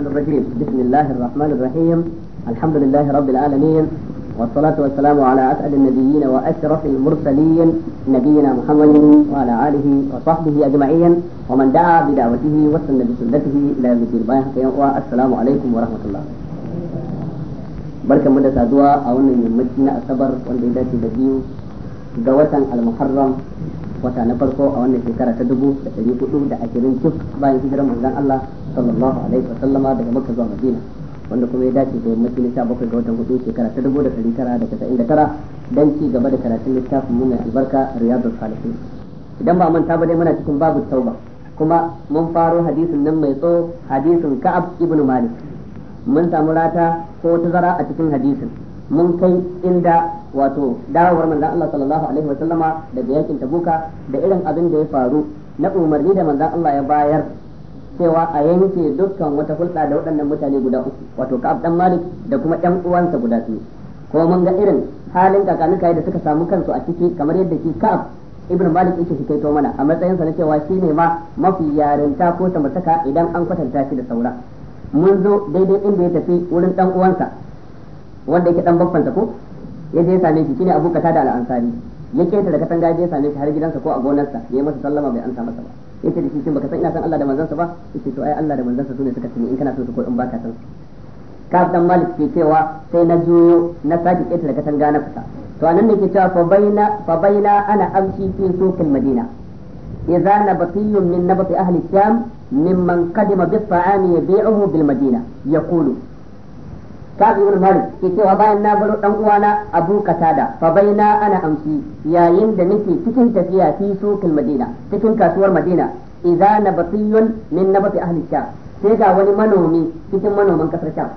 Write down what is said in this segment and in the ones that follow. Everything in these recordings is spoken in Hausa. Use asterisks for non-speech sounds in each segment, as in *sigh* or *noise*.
الرجيم بسم الله الرحمن الرحيم الحمد لله رب العالمين والصلاة والسلام على أسعد النبيين وأشرف المرسلين نبينا محمد وعلى آله وصحبه أجمعين ومن دعا بدعوته وسن بسنته إلى يوم الدين والسلام عليكم ورحمة الله barkan mu da saduwa a wannan yammaci na asabar wanda ya dace da biyu ga watan al-muharram wata na farko a wannan shekara ta dubu da ɗari hudu da ashirin cif bayan hijirar manzon Allah sallallahu alaihi wa sallama daga Makka zuwa Madina wanda kuma ya dace da yammaci na sha bakwai ga watan hudu shekara ta dubu da ɗari tara da casa'in da tara don ci gaba da karatun littafin mu mai albarka Riyadu Salihin idan ba manta ba dai muna cikin babu tauba kuma mun faro hadisin nan mai tso hadisin Ka'ab ibn Malik mun samu rata ko tazara a cikin hadisin mun kai inda wato dawowar manzan Allah sallallahu alaihi wa sallama daga yakin Tabuka da irin abin da ya faru na umarni da manzan Allah ya bayar cewa a yanke dukkan wata hulɗa da waɗannan mutane guda uku wato Ka'ab dan Malik da kuma ɗan uwansa guda biyu ko mun ga irin halin kakanuka da suka samu kansu a ciki kamar yadda ke Ka'ab ibn malik yake shi kaito mana a matsayin sa na cewa shine ma mafi yarinta ko samartaka idan an kwatanta shi da saura mun zo daidai inda ya tafi wurin ɗan uwansa wanda yake ɗan babban ko ya je same shi shine Abu Qatada al-Ansari ya keta da katanga ya same shi har gidansa ko a gonarsa ya yi masa sallama bai ansa masa ba yace da shi shin baka san ina san Allah da manzansa ba yace to ai Allah da manzansa sune suka tuni in kana son su ko in baka san su ka dan Malik ke cewa sai na juyo na sake keta da katanga na fita to anan ne ke cewa fa baina fa baina ana amshi fi suqil madina idza nabatiy min nabati ahli sham mimman qadima bi ta'ami yabi'uhu bil madina yaqulu Ka'ab ibn Malik ke cewa bayan na baro dan uwana Abu Qatada fa baina ana amsi yayin da nake cikin tafiya fi suqil Madina cikin kasuwar Madina idza nabatiyun min nabati ahli Sham sai ga wani manomi cikin manoman kasar Sham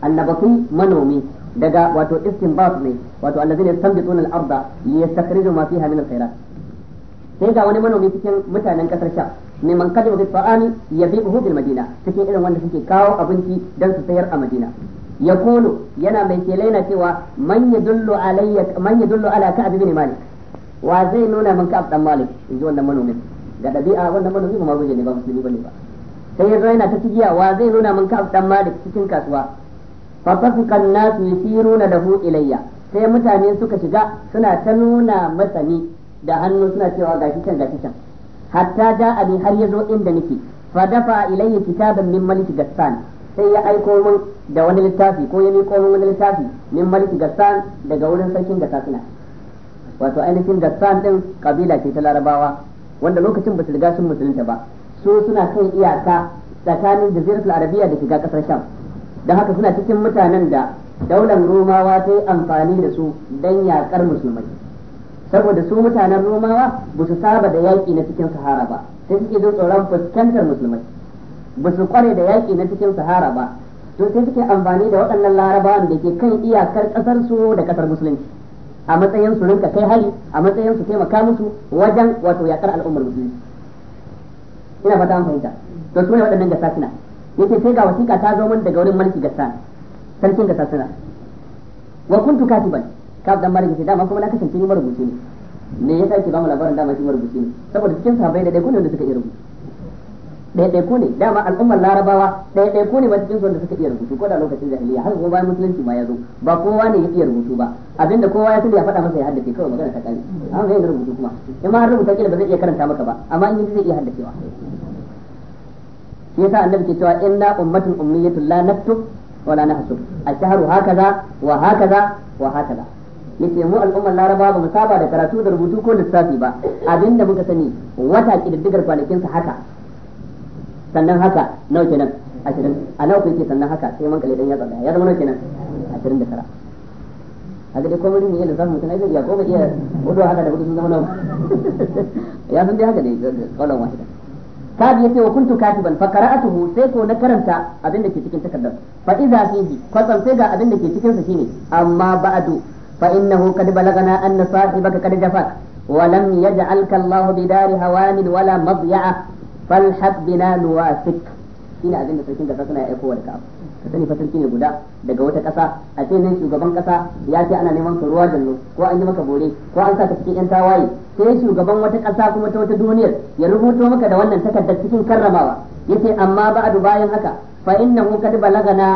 annabati manomi daga wato istinbat ne wato allazina yastanbituna al-arda yastakhriju ma fiha min al-khairat sai ga wani manomi cikin mutanen kasar Sham mai man kaje wa fa'ani yabihu bil Madina cikin irin wanda suke kawo abinci dan su sayar a Madina ya yana mai مي كيلينا سوى من يدل علي من يدل على كعب بن مالك وزي نونا من dan malik in ji wannan manomin ga ɗabi'a wannan manomin ba maguje ne ba musulmi bane ba sai yazo yana ta tijiya wa zai nuna min ka'ab dan malik cikin kasuwa fa fasika an-nas da lahu ilayya sai mutane suka shiga suna ta nuna masani da hannu suna cewa gashi can gashi can hatta ja'a bi har ya zo inda nake fa dafa ilayya kitaban min malik gassan sai ya aiko mun da wani littafi ko ya miƙo min wani littafi min malik gassan daga wurin sarkin gassasina wato ainihin gassan ɗin kabila ce ta larabawa wanda lokacin basu riga sun musulunta ba su suna kan iyaka tsakanin jaziratul arabiya da shiga kasar sham don haka suna cikin mutanen da daular romawa ta yi amfani da su don yakar musulmai saboda su mutanen romawa ba su saba da yaƙi na cikin sahara ba sai suke jin tsoron fuskantar musulmai ba su kware da yaƙi na cikin sahara ba to sai suke amfani da waɗannan larabawan da ke kan iyakar ƙasar su da ƙasar musulunci a matsayin su rinka kai hali a matsayin su taimaka musu wajen wato yaƙar al'ummar musulunci ina fata an fahimta to su ne waɗannan gasasina yake sai ga wasiƙa ta zo min daga wurin mulki gasan sarkin gasasina wa kuntu katiban kaf dan malik dama kuma na kasance ni marubuci ne me yasa ke ba mu labarin dama shi marubuci ne saboda cikin sahabbai da dai kullun da suka iya rubutu ɗaiɗaiku ne dama al'ummar larabawa ɗaiɗaiku ne masu jinsu wanda suka iya rubutu ko da lokacin jahiliya har kuma bayan musulunci ma ya zo ba kowa ne ya iya rubutu ba abinda kowa ya sani ya faɗa masa ya haddace kawai magana ta ƙare amma zai rubutu kuma in ma har rubuta kila ba zai iya karanta maka ba amma in zai iya haddacewa shi yasa annabi ke cewa inna ummatun ummiyatul la naktub wa la nahsub ash-shahru hakaza wa hakaza wa hakaza yace mu al'ummar Larabawa ba mu saba da karatu da rubutu ko lissafi ba abinda muka sani wata kididdigar kwanakin sa haka sannan haka nawa kenan ashirin a nawa kuke sannan haka sai man kalle dan ya tsada ya zama nawa kenan ashirin da tara a ga dai ko mutum ya lissafa mutum ai ya ko ba iya hudu haka da hudu sun zama nawa *laughs* ya san dai haka ne kaulan wahida kabi yace wa kuntu katiban fa qara'atuhu sai ko na karanta abin da ke cikin takardar fa idza fihi kwatsam sai ga abin da ke cikin sa shine amma ba'du fa innahu qad balagana anna sahibaka qad jafak wa lam yaj'alka Allahu bidari hawanin wala madya'a falhaq bina nuwafik shine abin da sarkin kasa suna aiko wa da ka sani fa ne guda daga wata kasa a ce nan shugaban kasa ya ce ana neman ka ruwa jallo ko an yi maka bore ko an sa ka cikin yan tawaye sai shugaban wata kasa kuma ta wata duniyar ya rubuto maka da wannan takardar cikin karramawa yace amma ba'du bayan haka fa innahu kad balagana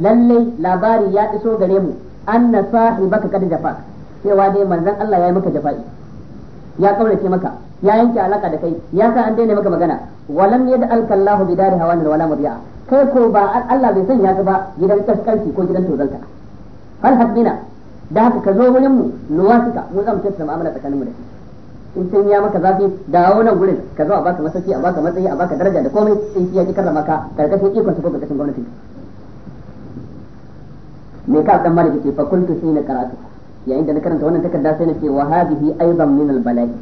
lalle labari ya iso gare mu anna sahibaka kad jafa cewa dai manzon Allah ya yi maka jafa'i ya kaurace maka ya yanke alaka da kai ya sa an daina maka magana walam yad alkallahu bidari hawan wala murya kai ko ba Allah bai sanya ka ba gidan kaskanci ko gidan tozalta hal hasbina da haka ka zo wurin mu nuwasika mu zamu tattauna mu'amala tsakanin mu da kai in san ya maka zafi dawo wannan gurin ka zo a baka masauki a baka matsayi a baka daraja da komai in shi ya ki karrama ka karkashin ikon su ko karkashin gwamnati me ka dan malaka ce fa kuntu shi ne karatu yayin da na karanta wannan takarda sai na ce wa hadihi aidan min al bala'i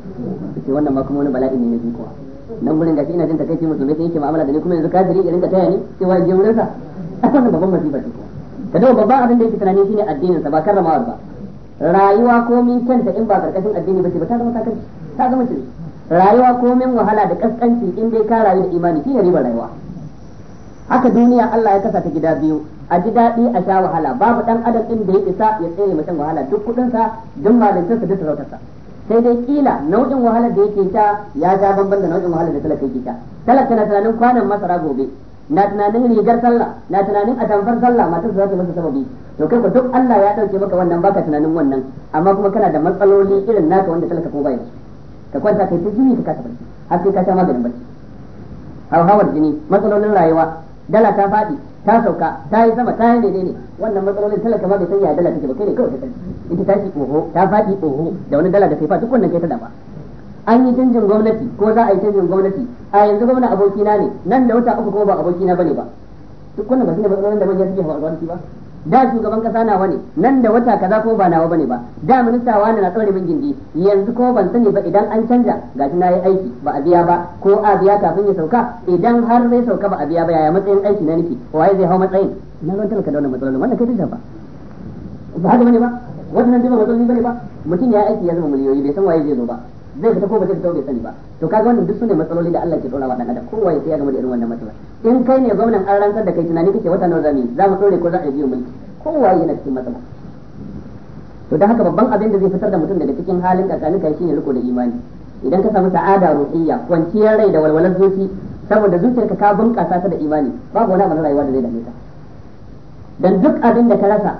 ce wannan ma kuma wani bala'i ne na biyu kuwa nan gurin gashi ina jin ce musulmai sai yake ma'amala da ni kuma yanzu kadiri irin ka taya ni wa je wurin sa kan *laughs* babban masifa ce ka dawo babban abin da yake tunani shine addinin sa ba karramawar ba rayuwa komin kanta in ba karkashin addini ba ce ba ta zama takarci ta zama shirki rayuwa komin wahala da kaskanci in dai ka rayu da imani shine ribar rayuwa haka duniya Allah ya kasa ta gida biyu a ji daɗi a sha wahala babu ɗan adam ɗin da ya isa ya tsere shan wahala duk kuɗinsa duk sa duk sarautarsa sai dai kila nau'in wahala da yake sha ya sha bambam da nau'in wahala da talaka yake sha talaka na tunanin kwanan masara gobe na tunanin rigar sallah na tunanin atamfar sallah matar za ta masa sababi to kai ko duk Allah ya dauke maka wannan baka tunanin wannan amma kuma kana da matsaloli irin naka wanda talaka ko bai ka kwanta kai ta jini ka kasa barci har sai ka sha maganin barci hauhawar jini matsalolin rayuwa dala ta faɗi ta sauka ta yi sama ta yi ne wannan matsalolin talaka ma bai san dala take ba kai ne kawai ta sani ita ta shi oho ta faɗi oho da wani dala da sai fa duk wannan kai ta dafa an yi canjin gwamnati ko za a yi canjin gwamnati a yanzu gwamna abokina ne nan da wata uku kuma ba abokina bane ba duk wannan ba ne matsalolin da manyan suke hawa ba da shugaban kasa na wani nan da wata kaza ko ba nawa bane ba da minista wani na tsare min gindi yanzu ko ban sani ba idan an canja shi na yi aiki ba a biya ba ko a biya kafin ya sauka idan har zai sauka ba a biya ba yaya matsayin aiki na nake waye zai hau matsayin na ran talaka da wannan matsalolin wannan kai ta ba ba haka bane ba wannan dai ba matsaloli bane ba mutum ya aiki ya zama miliyoyi bai san waye zai zo ba zai fita ko ba zai fita bai sani ba to kaga wannan duk sune matsaloli da Allah ke dora wa dan adam kowa ya tsaya game da irin wannan matsala in kai ne gwamnan an rantsar da kai tunani kake wata nawa zamu za mu dore ko za a biyo mulki kowa yana cikin matsala to dan haka babban abin da zai fitar da mutum daga cikin halin kakanin kai shine riko da imani idan ka samu sa'ada ruhiyya kwanciyar rai da walwalar zuci saboda zuciyarka ka bunkasa ta da imani babu wani abin rayuwa da zai dame ka dan duk abin da ka rasa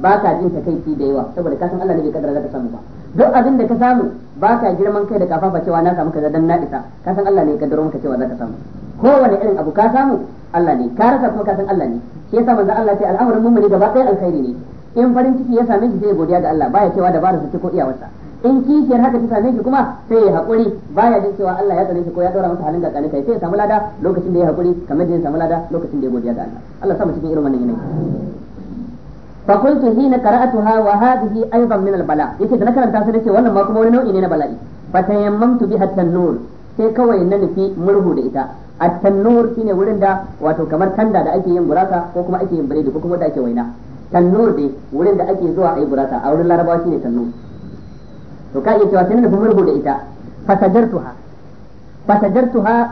ba ka jin ta takaici da yawa saboda kasan Allah ne bai kadara ka samu ba duk abin da ka samu ba ka girman kai da kafafa cewa na samu kaza dan na isa ka san Allah ne ka maka cewa za ka samu kowane irin abu ka samu Allah ne ka rasa kuma ka san Allah ne shi yasa manzo Allah ce al'amarin mummuni gaba ɗaya alkhairi ne in farin ciki ya same shi zai godiya ga Allah baya cewa dabara su ci ko wasa in kishiyar haka ta same shi kuma sai ya hakuri baya jin cewa Allah ya tsare shi ko ya daura masa halin gagani kai sai ya samu lada lokacin da ya hakuri kamar da ya samu lada lokacin da ya godiya ga Allah Allah sa mu cikin irin wannan yanayi fa kuntu hina qara'atuha wa hadhihi aidan min al-bala yace da na karanta sai nace wannan ma kuma wani nau'i ne na bala'i fa tayammamtu biha at sai kawai na nufi murhu da ita at-tanur shine wurin da wato kamar tanda da ake yin gurasa ko kuma ake yin biredi ko kuma da ake waina tannur dai wurin da ake zuwa ayi gurasa a wurin larabawa shine tannur to ka iya cewa sai na nufi murhu da ita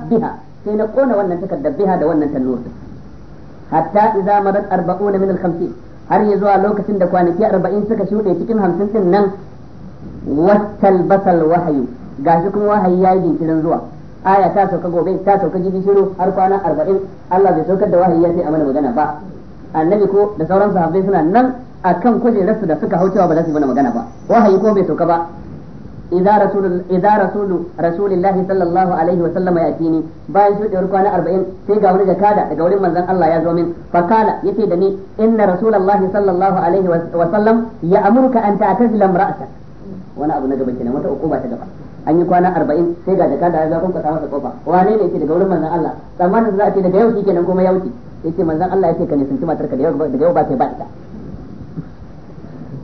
biha sai na kona wannan takardar biha da wannan tannur hatta idza madat 40 min har ya zuwa lokacin da kwanaki arba'in suka shuɗe cikin hamsin din nan wattal basal wahayi ga shi kuma wahayi ya yi jinkirin zuwa aya ta sauka gobe ta sauka jibi shiru har kwana arba'in Allah bai saukar da wahayi ya sai a mana magana ba annabi ko da sauran sahabbai suna nan akan kujerarsu da suka hau cewa ba za su yi mana magana ba wahayi ko bai sauka ba idza rasul idza rasulullahi sallallahu alaihi wa bayan shudewar kwana arba'in sai ga wani jakada daga wurin manzon ya zo min fakala ya ce da ni inna rasulullahi sallallahu alaihi ya amurka an ta'tazila imra'atak wani abu na gaba kenan wata uku ba gaba an yi kwana arba'in sai ga jakada ya zafin kwata masa kofa wane ne yake daga wurin manzon Allah tsammanin za a ce daga yau kenan kuma ya wuce yace manzon Allah yace ka nisanci matarka da yau daga yau ba sai ba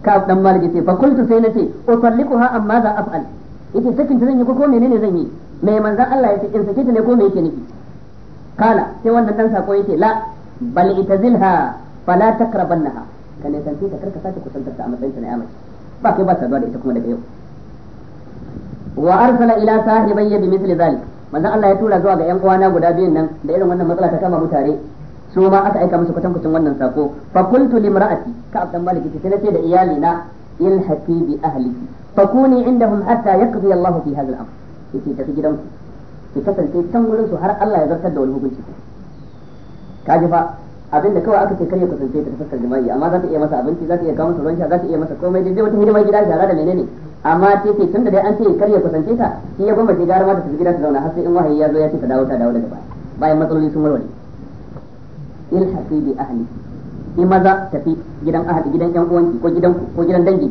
ka dan malik ce fa qultu sai nace ha amma za af'al yace sakin ta zan yi ko ko menene zan yi mai manzon Allah yace in sake ta ne ko me yake nufi kala sai wannan dan sako yace la bal itazilha fala takrabannaha ka ne san ta karka sake kusantar ta a matsayin ta na yamace ba kai ba saduwa da ita kuma daga yau wa arsala ila sahibi bi mithli zalik manzon Allah ya tura zuwa ga yan uwana guda biyun nan da irin wannan matsala ta kama mutare su ma aka aika musu kwatankwacin wannan sako fa qultu limra'ati ka'ab dan malik sai nace da iyali na ilhaqi bi ahliki fakuni indahum hatta yaqdi Allahu fi hadha al-amr yace tafi gidan ku ki kasance can gurin su har Allah ya zartar da wani hukunci kaji fa abinda kawai aka ce karya kusance ta fuskar jima'i amma za ta iya masa abinci za ta iya kawo masa ruwan sha za ta iya masa komai daidai wata hidimar gida shara da menene amma ce ce tun da dai an ce karya kusance ta shi ya gwamnati gara ma ta tafi gida ta zauna har sai in wahayi ya zo ya ce ta dawo ta dawo daga baya bayan matsaloli sun warware ilhaqi bi ahli ki maza tafi gidan ahli gidan yan uwanki ko gidan ko gidan dangi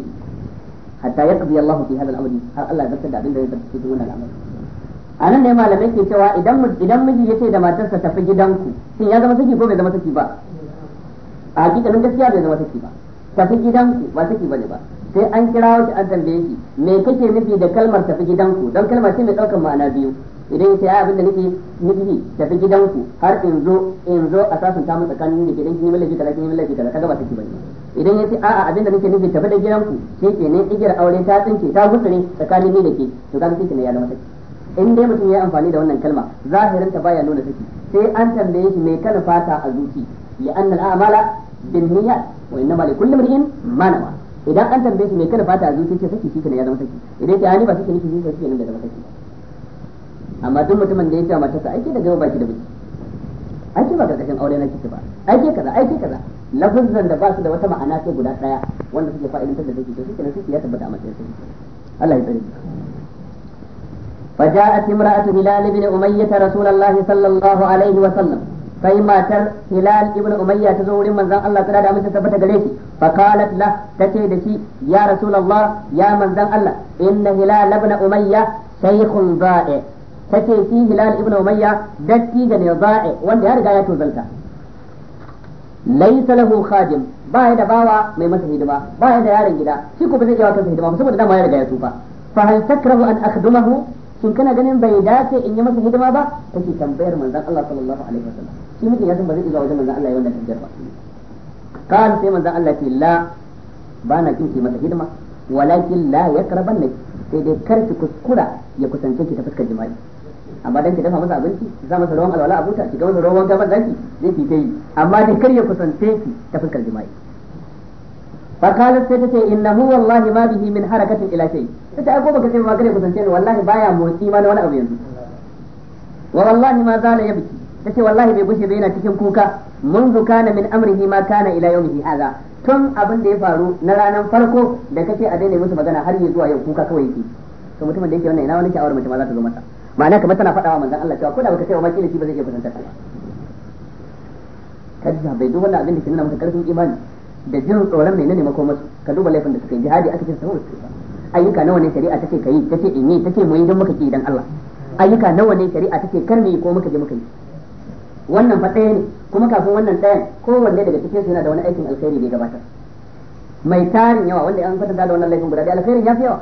hatta yaqdi Allah fi hadha al-amri har Allah zaka da abin da zai cikin wannan al'amari anan ne malamai ke cewa idan idan miji yace da matarsa tafi gidanku shin ya zama saki ko bai zama saki ba a hakikalin gaskiya bai zama saki ba tafi gidanku ba saki bane ba sai an kira shi an tambaye shi me kake nufi da kalmar tafi gidanku don kalmar ce mai daukar ma'ana biyu idan ya ce ya abin da nake nufi tafi gidanku har in zo in zo a sasun ta tsakanin da gidan kin mallaki kaza kin mallaki kaza kaga ba take bane idan ya ce a'a abin da nake nufi tafi da gidanku shi ke ne igiyar aure ta tsinke ta gutsure tsakanin ni da ke to kaga kike ne ya zama take in dai mutum ya amfani da wannan kalma zahirin ta baya nuna take sai an tambaye shi mai kana fata a zuci ya annal a'mala bin niyyat wa innama likulli imrin ma nawa idan an tambaye shi mai kana fata a zuci sai saki shi ke ne ya zama saki idan ya ce ani ba saki nake nufi sai ne da zama saki amma duk mutumin da ya ce matarsa aiki da gaba baki da miki aiki ba karkashin aure na kike ba aiki kaza aiki kaza lafazan da ba su da wata ma'ana sai guda daya wanda suke fa'idantar da take to shi kenan suke ya tabbata a matsayin sai Allah ya tsare فجاءت امرأة هلال بن أمية رسول الله sallallahu alaihi wa sallam sai matar Hilal ibn Umayya ta zo wurin manzon Allah tsara da amince tabbata gare shi fa qalat la tace da shi ya rasulullah ya manzon Allah inna Hilal ibn Umayya shaykhun ba'i tace shi hilal ibnu umayya dattijo ne za'i wanda ya riga ya tozalta laysa lahu khadim ba ya da bawa mai masa hidima ba ya da yaron gida shi ko ba zai iya kansa hidima ba saboda dama ya riga ya tsufa fa hal takrahu an akhdumahu shin kana ganin bai dace in yi masa hidima ba take tambayar manzon Allah sallallahu alaihi wasallam shi mutum ya san ba zai iya wajen manzon Allah ya wannan tambayar ba kan sai manzon Allah ce la ba na kin ki masa hidima walakin la yakrabanna sai dai kar kuskura ya kusance ki ta fuskar jima'i amma dan ki dafa masa abinci ki sa masa ruwan alwala a buta ki ga masa ruwan gaban zaki zai ki kai amma dai kar ya kusance ki ta fuskar jima'i fa qalat sai ce innahu wallahi ma bihi min harakatin ila shay ta ai ka kace ma kare kusance ni wallahi baya motsi ma na wani abu yanzu wa wallahi ma zala yabki ce wallahi bai bushe bai yana cikin kuka منذ كان من امره ما كان الى يومه هذا tun abin da ya faru na ranan farko da kace a daina musu magana har yanzu a yau kuka kawai yake to mutumin da yake wannan ina wani sha'awar mutum ma za ta zo masa ma'ana kamar tana faɗawa manzon Allah cewa ko da baka sai wa makili shi ba zai iya kusantar ka kadda bai duk wannan abin da ke nuna maka karfin imani da jin tsoron mai nane makomar ka duba laifin da suka yi jihadi aka ce saboda su ayyuka nawa ne shari'a take kai tace in yi tace mu yi don muka ke dan Allah ayyuka nawa ne shari'a take kar mu yi ko muka je muka yi wannan fa ɗaya ne kuma kafin wannan ɗayan kowanne daga cikin su yana da wani aikin alkhairi da ya gabatar mai tarin yawa wanda an kwatanta da wannan laifin guda da alkhairin ya fi yawa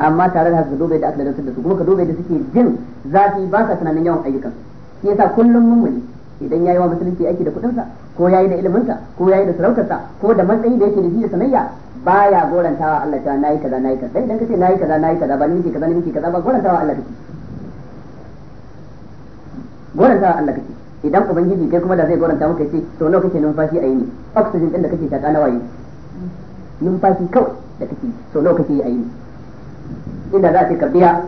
amma tare da haka dube da aka da su kuma ka dube da suke jin zafi ba sa tunanin yawan ayyukan shi yasa kullum mummuni idan yayi wa musulunci aiki da kudinsa ko yayi da iliminsa ko yayi da sarautarsa ko da matsayi da yake da shi da sanayya baya gorantawa Allah ta nayi kaza nayi kaza idan kace nayi kaza nayi kaza ba ni miki kaza ni miki kaza ba gorantawa Allah kake gorantawa Allah kake idan ubangiji kai kuma da zai goranta maka yace to nawa kake numfashi a yini oxygen din da kake shaka nawa yi numfashi kawai da kake so nawa kake yi a yini inda za a ce ka biya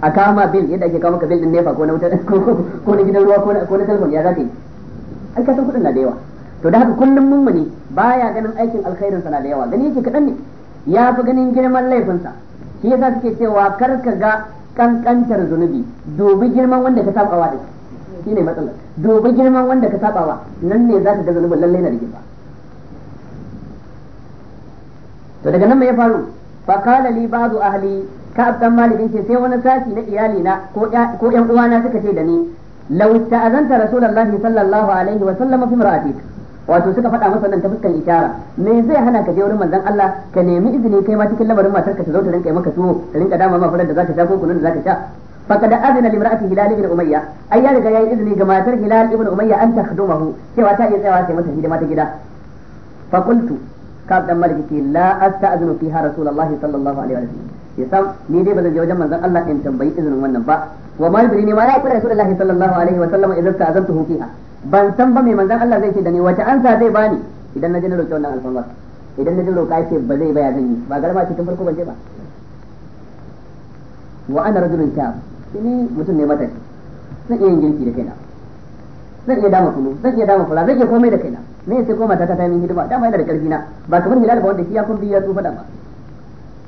a kama bil yadda ake kawo ka bil din nefa ko na wutar *laughs* ko na gidan ruwa ko na telefon ya za ka yi ai ka san kudin na da yawa to da haka kullum mummuni baya ganin aikin alkhairin na da yawa gani yake kaɗan ne ya fi ganin girman laifinsa shi yasa suke cewa kar ka ga kankantar zunubi dubi girman wanda ka saba wa da shi ne matsalar dubi girman wanda ka saba wa nan ne za ka ga zunubin lallai na da girma to daga nan me ya faru فقال لي بعض أهلي كعب تم مالك إنسي سيونا ساسي نئيالينا كو يم أوانا سكتي دني لو استأذنت رسول الله صلى الله عليه وسلم في مرأتك wato suka faɗa masa nan ta fuskar ishara me zai hana ka je wurin manzon Allah ka nemi izini kai ma cikin lamarin matar ka ta zo ta rinka maka tuwo ta rinka damar ma furar da za ta sha ko kunun da za ta sha fa kada azina li mar'ati hilal ibn umayya ai ya riga yayi izini ga matar hilal ibn umayya an ta khadumahu cewa ta iya tsayawa sai mata hidima ta gida fa kab dan malik ce la asta'zinu fiha rasulullahi sallallahu alaihi wasallam ya ni dai bazan je wajen manzon Allah in tambayi izinin wannan ba wa ma yudri ni ma ya kula rasulullahi sallallahu alaihi wasallam idan ta'azantu fiha ban san ba mai manzon Allah zai ce da ni wace ansa zai bani idan na je na roki wannan alfarma idan na je roka ya ba zai baya zan yi ba garma ce tun farko ban je ba wa ana rajulun shab ni mutum ne matashi zan iya yin girki da kaina zan iya dama kunu zan iya dama fula zan iya komai da kaina me sai koma ta ta min hidima dama yana da karfi na ba kamar hilal ba wanda shi ya kun biya su fada ba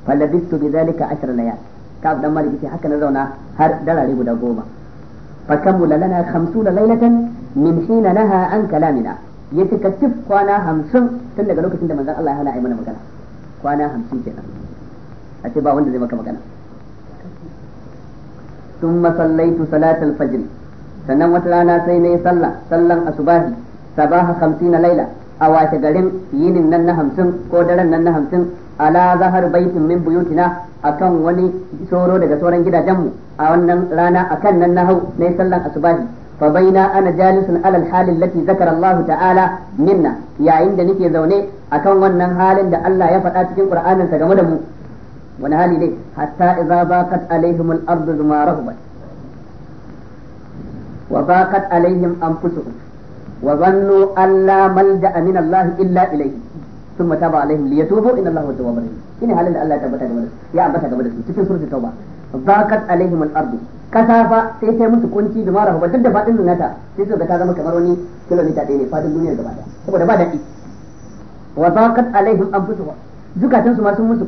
falabistu bi zalika ashar layal ka dan maliki ce haka na zauna har dalare guda goma fa kammula lana 50 laylatan min hina naha an kalamina ya cika tif kwana hamsin tun daga lokacin da manzon Allah ya hana a yi mana magana kwana hamsin kenan a ce ba wanda zai maka magana ثم صليت صلاة الفجر sannan wata rana sai na yi sallah sallan asubahi sabaha na laila a washe garin yinin nan na hamsin ko daren nan na hamsin ala zahar baitin min buyutina akan wani soro daga sauran gidajenmu a wannan rana akan nan na hau na yi sallan asubahi fa baina ana jalisun alal halin lati zakara Allah ta'ala minna yayin da nake zaune akan wannan halin da Allah ya faɗa cikin Qur'aninsa game da mu wani hali ne hatta idza baqat alaihimul al-ardu وضاقت عليهم أنفسهم وظنوا أن لا ملجأ من الله إلا إليه ثم تاب عليهم ليتوبوا إن الله هو التواب الرحيم إن هل الله تبتا قبل يا أبتا قبل تكن سورة التوبة ضاقت عليهم الأرض kasafa sai musu kunci da mara hubar da fadin nata sai suka ta zama kamar wani kilomita ɗaya ne fadin duniyar gaba ɗaya saboda ba daɗi wa zaqat sun musu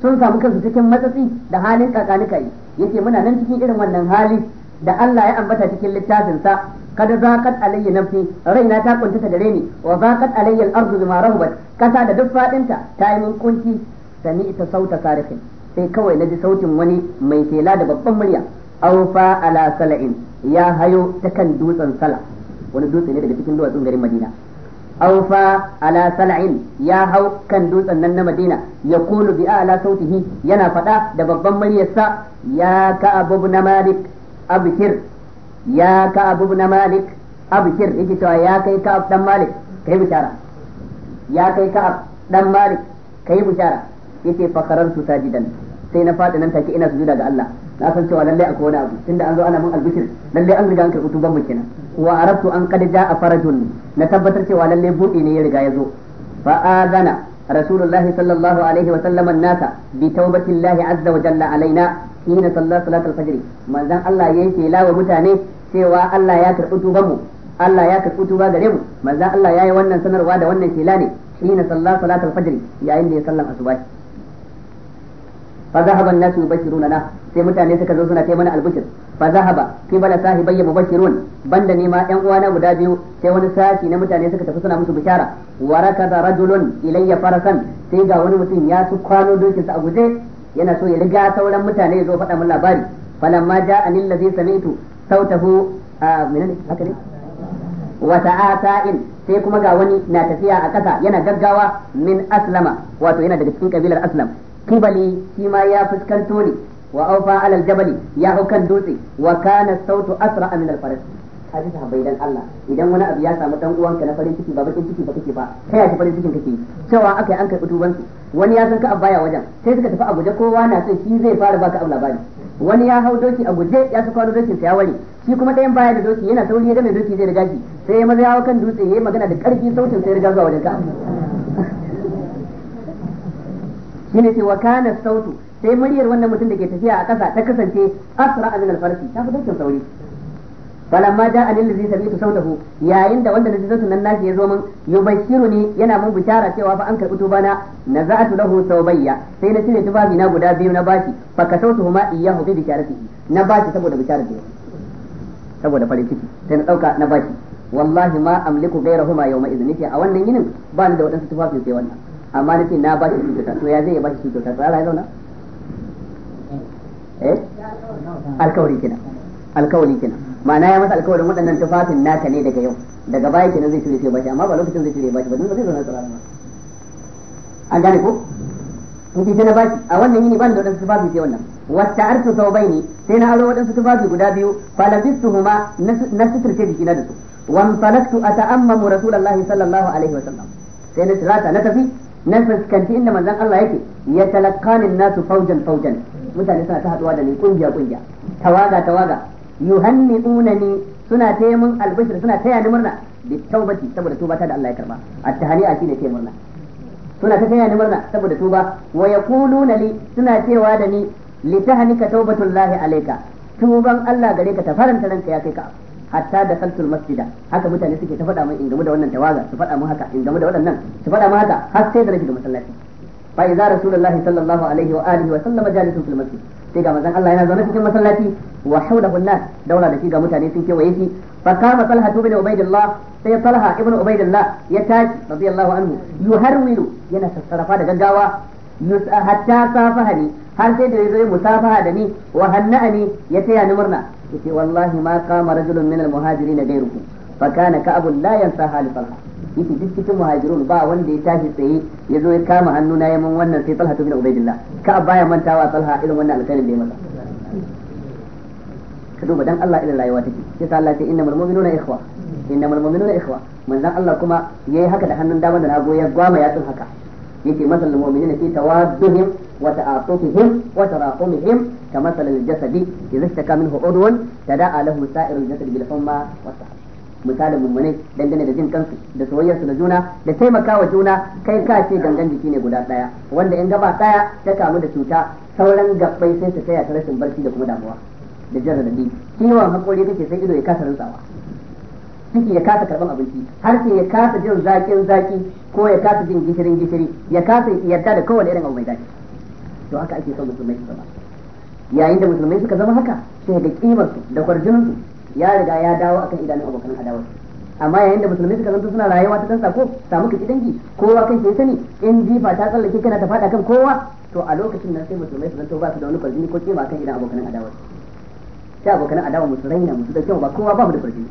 sun samu kansu cikin matsatsi da halin kakanika yake yace muna nan cikin irin wannan hali da Allah ya ambata cikin littafinsa kada zaqat alayya nafsi raina ta kuntata gare ni wa zaqat alayya al-ardu bima rahabat kasa da duk fadinta ta yi min kunci sami ita sauta sarifin sai kawai naji sautin wani mai tela da babban murya aufa ala sala'in ya hayo ta kan dutsen sala wani dutse ne daga cikin duwatsun garin madina aufa ala sala'in ya hau kan dutsen nan na madina ya bi ala sautihi yana faɗa da babban muryarsa ya ka'ab ibn malik abkir ya abu na malik abkir yake cewa ya kai abu dan malik kai bishara ya kai ka'ab dan malik kai bishara yake fakarar su sajidan sai na fadi nan take ina sujuda ga Allah na san cewa lalle akwai wani abu tunda an zo ana mun albishir lalle an riga an karɓi tuban mu kenan wa arabtu an qad jaa farajun na tabbatar cewa lalle buɗe ne ya riga ya zo fa azana رسول الله صلى الله عليه وسلم الناس بتوبة الله عز وجل علينا حين صلى صلاة الفجر من ذن الله ينكي لا ومتاني سوى الله ياكر أتوبمو الله ياكر أتوبا غريمو من ذن الله ياي ونن سنر وادا ونن كيلاني حين صلى صلاة الفجر يا إني صلى أسباش fa zahaba an-nasu yubashiruna na sai mutane suka zo suna taimana mana albishir fa zahaba bala sahibayya mubashirun banda ni ma uwa uwana guda biyu sai wani sashi na mutane suka tafi suna musu bishara wa rakaza rajulun ilayya farasan sai ga wani mutum ya su kwano dokin sa a guje yana so ya riga sauran mutane ya zo faɗa min labari falamma ja'a ladhi sami'tu sautahu a minan haka ne wa ta'ata'in sai kuma ga wani na tafiya a ƙasa yana gaggawa min aslama wato yana daga cikin kabilar aslam kibali shi ma ya fuskanto ne wa aufa alal jabali ya hau kan dutse wa kana sautu asra min al faras a habai dan Allah idan wani abu ya samu dan uwanka na farin ciki ba bakin ciki ba kake ba kai shi farin cikin kake cewa akai an karbi tuban su wani ya san ka abaya wajen sai suka tafi Abuja kowa na son shi zai fara baka abu labari wani ya hau doki a guje ya su wani dokin sa ya ware shi kuma ɗayan baya da doki yana sauri ya ga mai doki zai riga shi sai ya maza ya hau kan dutse ya yi magana da karfi sautin sai riga zuwa wajen ka shine ce wa kana sautu sai muryar wannan mutum da ke tafiya a ƙasa ta kasance asra min al-farsi ta fi dukkan sauri falamma da anil ladhi sami'tu sautahu yayin da wanda naji nan nashi ya zo min ni yana mun bishara cewa fa an karbi tubana naza'atu lahu tawbayya sai na cire tubabi na guda biyu na bashi fa sautu huma iyahu bi bisharati na bashi saboda ce saboda farin ciki sai na dauka na bashi wallahi ma amliku ghayrahuma yawma idhnika a wannan yinin ba ni da wadansu tufafi sai wannan amma da na ba shi kyauta to ya zai ya ba shi kyauta tsara ya zauna eh alkawari kenan alkawari kenan ma'ana ya masa alkawarin waɗannan tufafin naka ne daga yau daga baya kenan zai cire shi ba shi amma ba lokacin zai cire ba shi ba dan zai zauna tsara ba an gane ko in ce na bashi a wannan yini ban da wadansu tufafi sai wannan wata arsu sau bai ne sai na aro wadansu tufafi guda biyu falabistu huma na suturce jikina da su wan falaktu mu rasulallah sallallahu alaihi wasallam sai na tirata na tafi na fuskanci inda manzon Allah yake ya talakkanin nasu faujan faujan mutane suna ta haduwa da ni kungiya kungiya tawaga tawaga yuhanni'unani suna taya mun albishir suna taya ni murna bi taubati saboda tuba ta da Allah ya karba at-tahani'a shine taya murna suna ta taya ni murna saboda tuba wa yaquluna li suna cewa da ni li tahnika taubatullahi alayka tuban Allah gare ka ta faranta ranka ya kai ka hatta da kaltul masjida haka mutane suke ta faɗa mun in game da wannan tawaga su faɗa mun haka in game da waɗannan su faɗa mun haka har sai da na shiga masallaci fa idza rasulullahi sallallahu alaihi wa alihi wa sallama jalisun fil masjid sai ga manzon Allah yana zaune cikin masallaci wa hawlahu an-nas daura da shi ga mutane sun kewaye shi fa kama talha ibn ubaidillah sai talha ibn ubaidillah ya tashi radiyallahu anhu yuharwilu yana sassarafa da gaggawa hatta safahani har sai da ya yazo musafaha da ni wa hanna'ani ya taya ni murna yace wallahi ma qama rajulun min al-muhajirin ghayruhu fa kana ka'abun la yansa hali talha yace duk cikin muhajirun ba wanda ya tashi tsaye yazo ya kama hannuna ya mun wannan sai talha bin ubaidillah ka baya mantawa talha irin wannan alkhairin da ya masa ka duba dan Allah irin rayuwa take sai Allah ce innamal mu'minuna ikhwa innamal mu'minuna ikhwa manzon Allah kuma yayi haka da hannun dama da nago ya gwama ya yatsun haka yake masal mu'minina fi tawadduhum وتعاطفهم وتراقمهم كمثل الجسد إذا اشتكى منه عضو تداعى له سائر الجسد بالحمى والسحر misali mummunai dangane da jin kansu da soyayyarsu da juna da taimakawa juna kai ka ce gangan jiki ne guda daya wanda in gaba daya ta kamu da cuta sauran gabbai sai su taya ta rashin barci da kuma damuwa da jarrabi kiwon hakori kake sai ido ya kasa rantsawa ciki ya kasa karban abinci har sai ya kasa jin zakin zaki ko ya kasa jin gishirin gishiri ya kasa yarda da kowane irin abu mai daɗi. to haka ake son musulmai su zama yayin da musulmai suka zama haka sai da kimar su da kwarjinin su ya riga ya dawo akan idanun abokan adawar amma yayin da musulmai suka zanto suna rayuwa ta kan ko samu kaci dangi kowa kan ke sani in jifa ta tsallake kana ta fada kan kowa to a lokacin nan sai musulmai su zanto ba su da wani kwarjini ko kima akan idan abokan adawar sai abokan adawar musulmai na musu da kyau ba kowa ba mu da kwarjini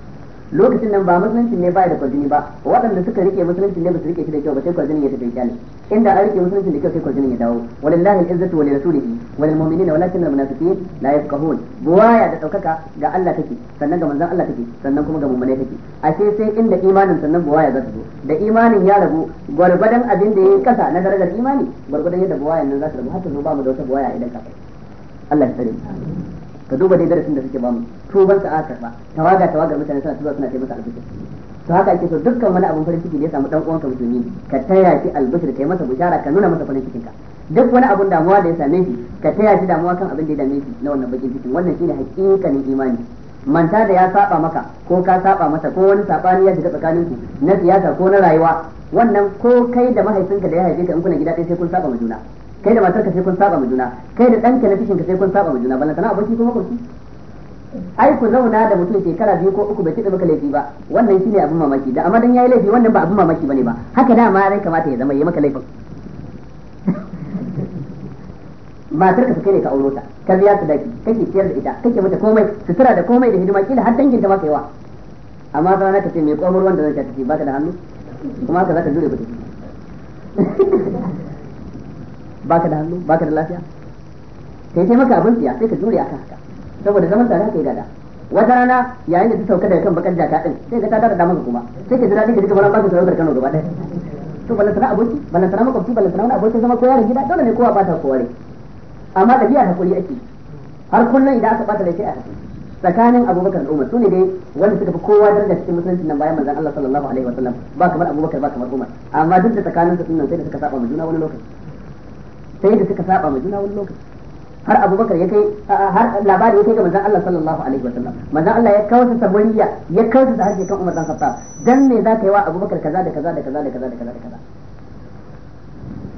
lokacin nan ba musulunci ne ba da kwazini ba waɗanda suka rike musulunci ne ba su rike shi da kyau ba sai kwazini ya tafi kyale inda an rike musulunci da kyau sai kwazini ya dawo walillahi al-izzatu wani lirasulihi wa lil mu'minina walakin al munafiqin la yafqahun buwaya da daukaka ga Allah take sannan ga manzon Allah take sannan kuma ga mu'mine take ashe sai inda imanin sannan buwaya za su zo da imanin ya ragu gwargwadon abin da yi kasa na darajar imani gwargwadon yadda buwayan nan za ta rabu har ta zo ba mu da wata buwaya idan ka Allah ya tsare ka duba dai darasin da suke bamu tuban sa aka ba tawaga tawaga mutane suna tuba suna taimaka albishir to haka ake so dukkan wani abin farin ciki da ya samu dan uwanka musulmi ka taya shi albishir kai masa bushara ka nuna masa farin cikin ka duk wani abun damuwa da ya same shi ka taya shi damuwa kan abin da ya dame shi na wannan bakin cikin wannan shine hakikanin imani manta da ya saba maka ko ka saba masa ko wani sabani ya shiga ku na siyasa ko na rayuwa wannan ko kai da mahaifinka da ya haife ka in kuna gida ɗaya sai kun saba ma juna kai da matarka sai kun saba ma juna kai da danka na cikin ka sai kun saba ma juna ballan kana aboki ko makoci ai ku zauna da mutum shekara biyu ko uku bai ci maka laifi ba wannan shine abin mamaki da amma dan yayi laifi wannan ba abin mamaki bane ba haka da ma rai kamata ya zama yayi maka laifin *laughs* matar ka kai ne ka auro ta ka biya ta daki kake ciyar da ita kake mata komai sutura da komai da hidima kila har dangin ta ma kaiwa wa amma na ka ce mai komar wanda zan ta tafi ba ka da hannu kuma ka za ka jure ba *laughs* baka da hannu baka da lafiya kai sai maka abin tsiya sai ka jure akan haka saboda zaman tare haka ya gada wata rana yayin da ta sauka daga kan bakar jaka din sai ka tada da maka kuma sai ka jira ka dinka kamar an baka sauka kan gaba da to ballan tana aboki ballan sana makwabci ballan tana wani aboki zama ko yaron gida dole ne kowa bata kowa ne amma ɗabi'a hakuri ake har kullun idan aka bata laifi a haka tsakanin abubakar da umar su ne dai wanda suka fi kowa daraja cikin musulunci nan bayan manzon Allah sallallahu alaihi wasallam ba kamar abubakar ba kamar umar amma duk da tsakanin su nan sai da suka saba mu juna wani lokaci sai da suka saba ma juna wani lokaci har abubakar ya kai har labari ya kai ga manzon Allah sallallahu alaihi wa sallam manzon Allah ya kawo sa sabariya ya kawo sa harshe kan Umar dan Khattab dan me za ka yi wa abubakar kaza da kaza da kaza da kaza da kaza da kaza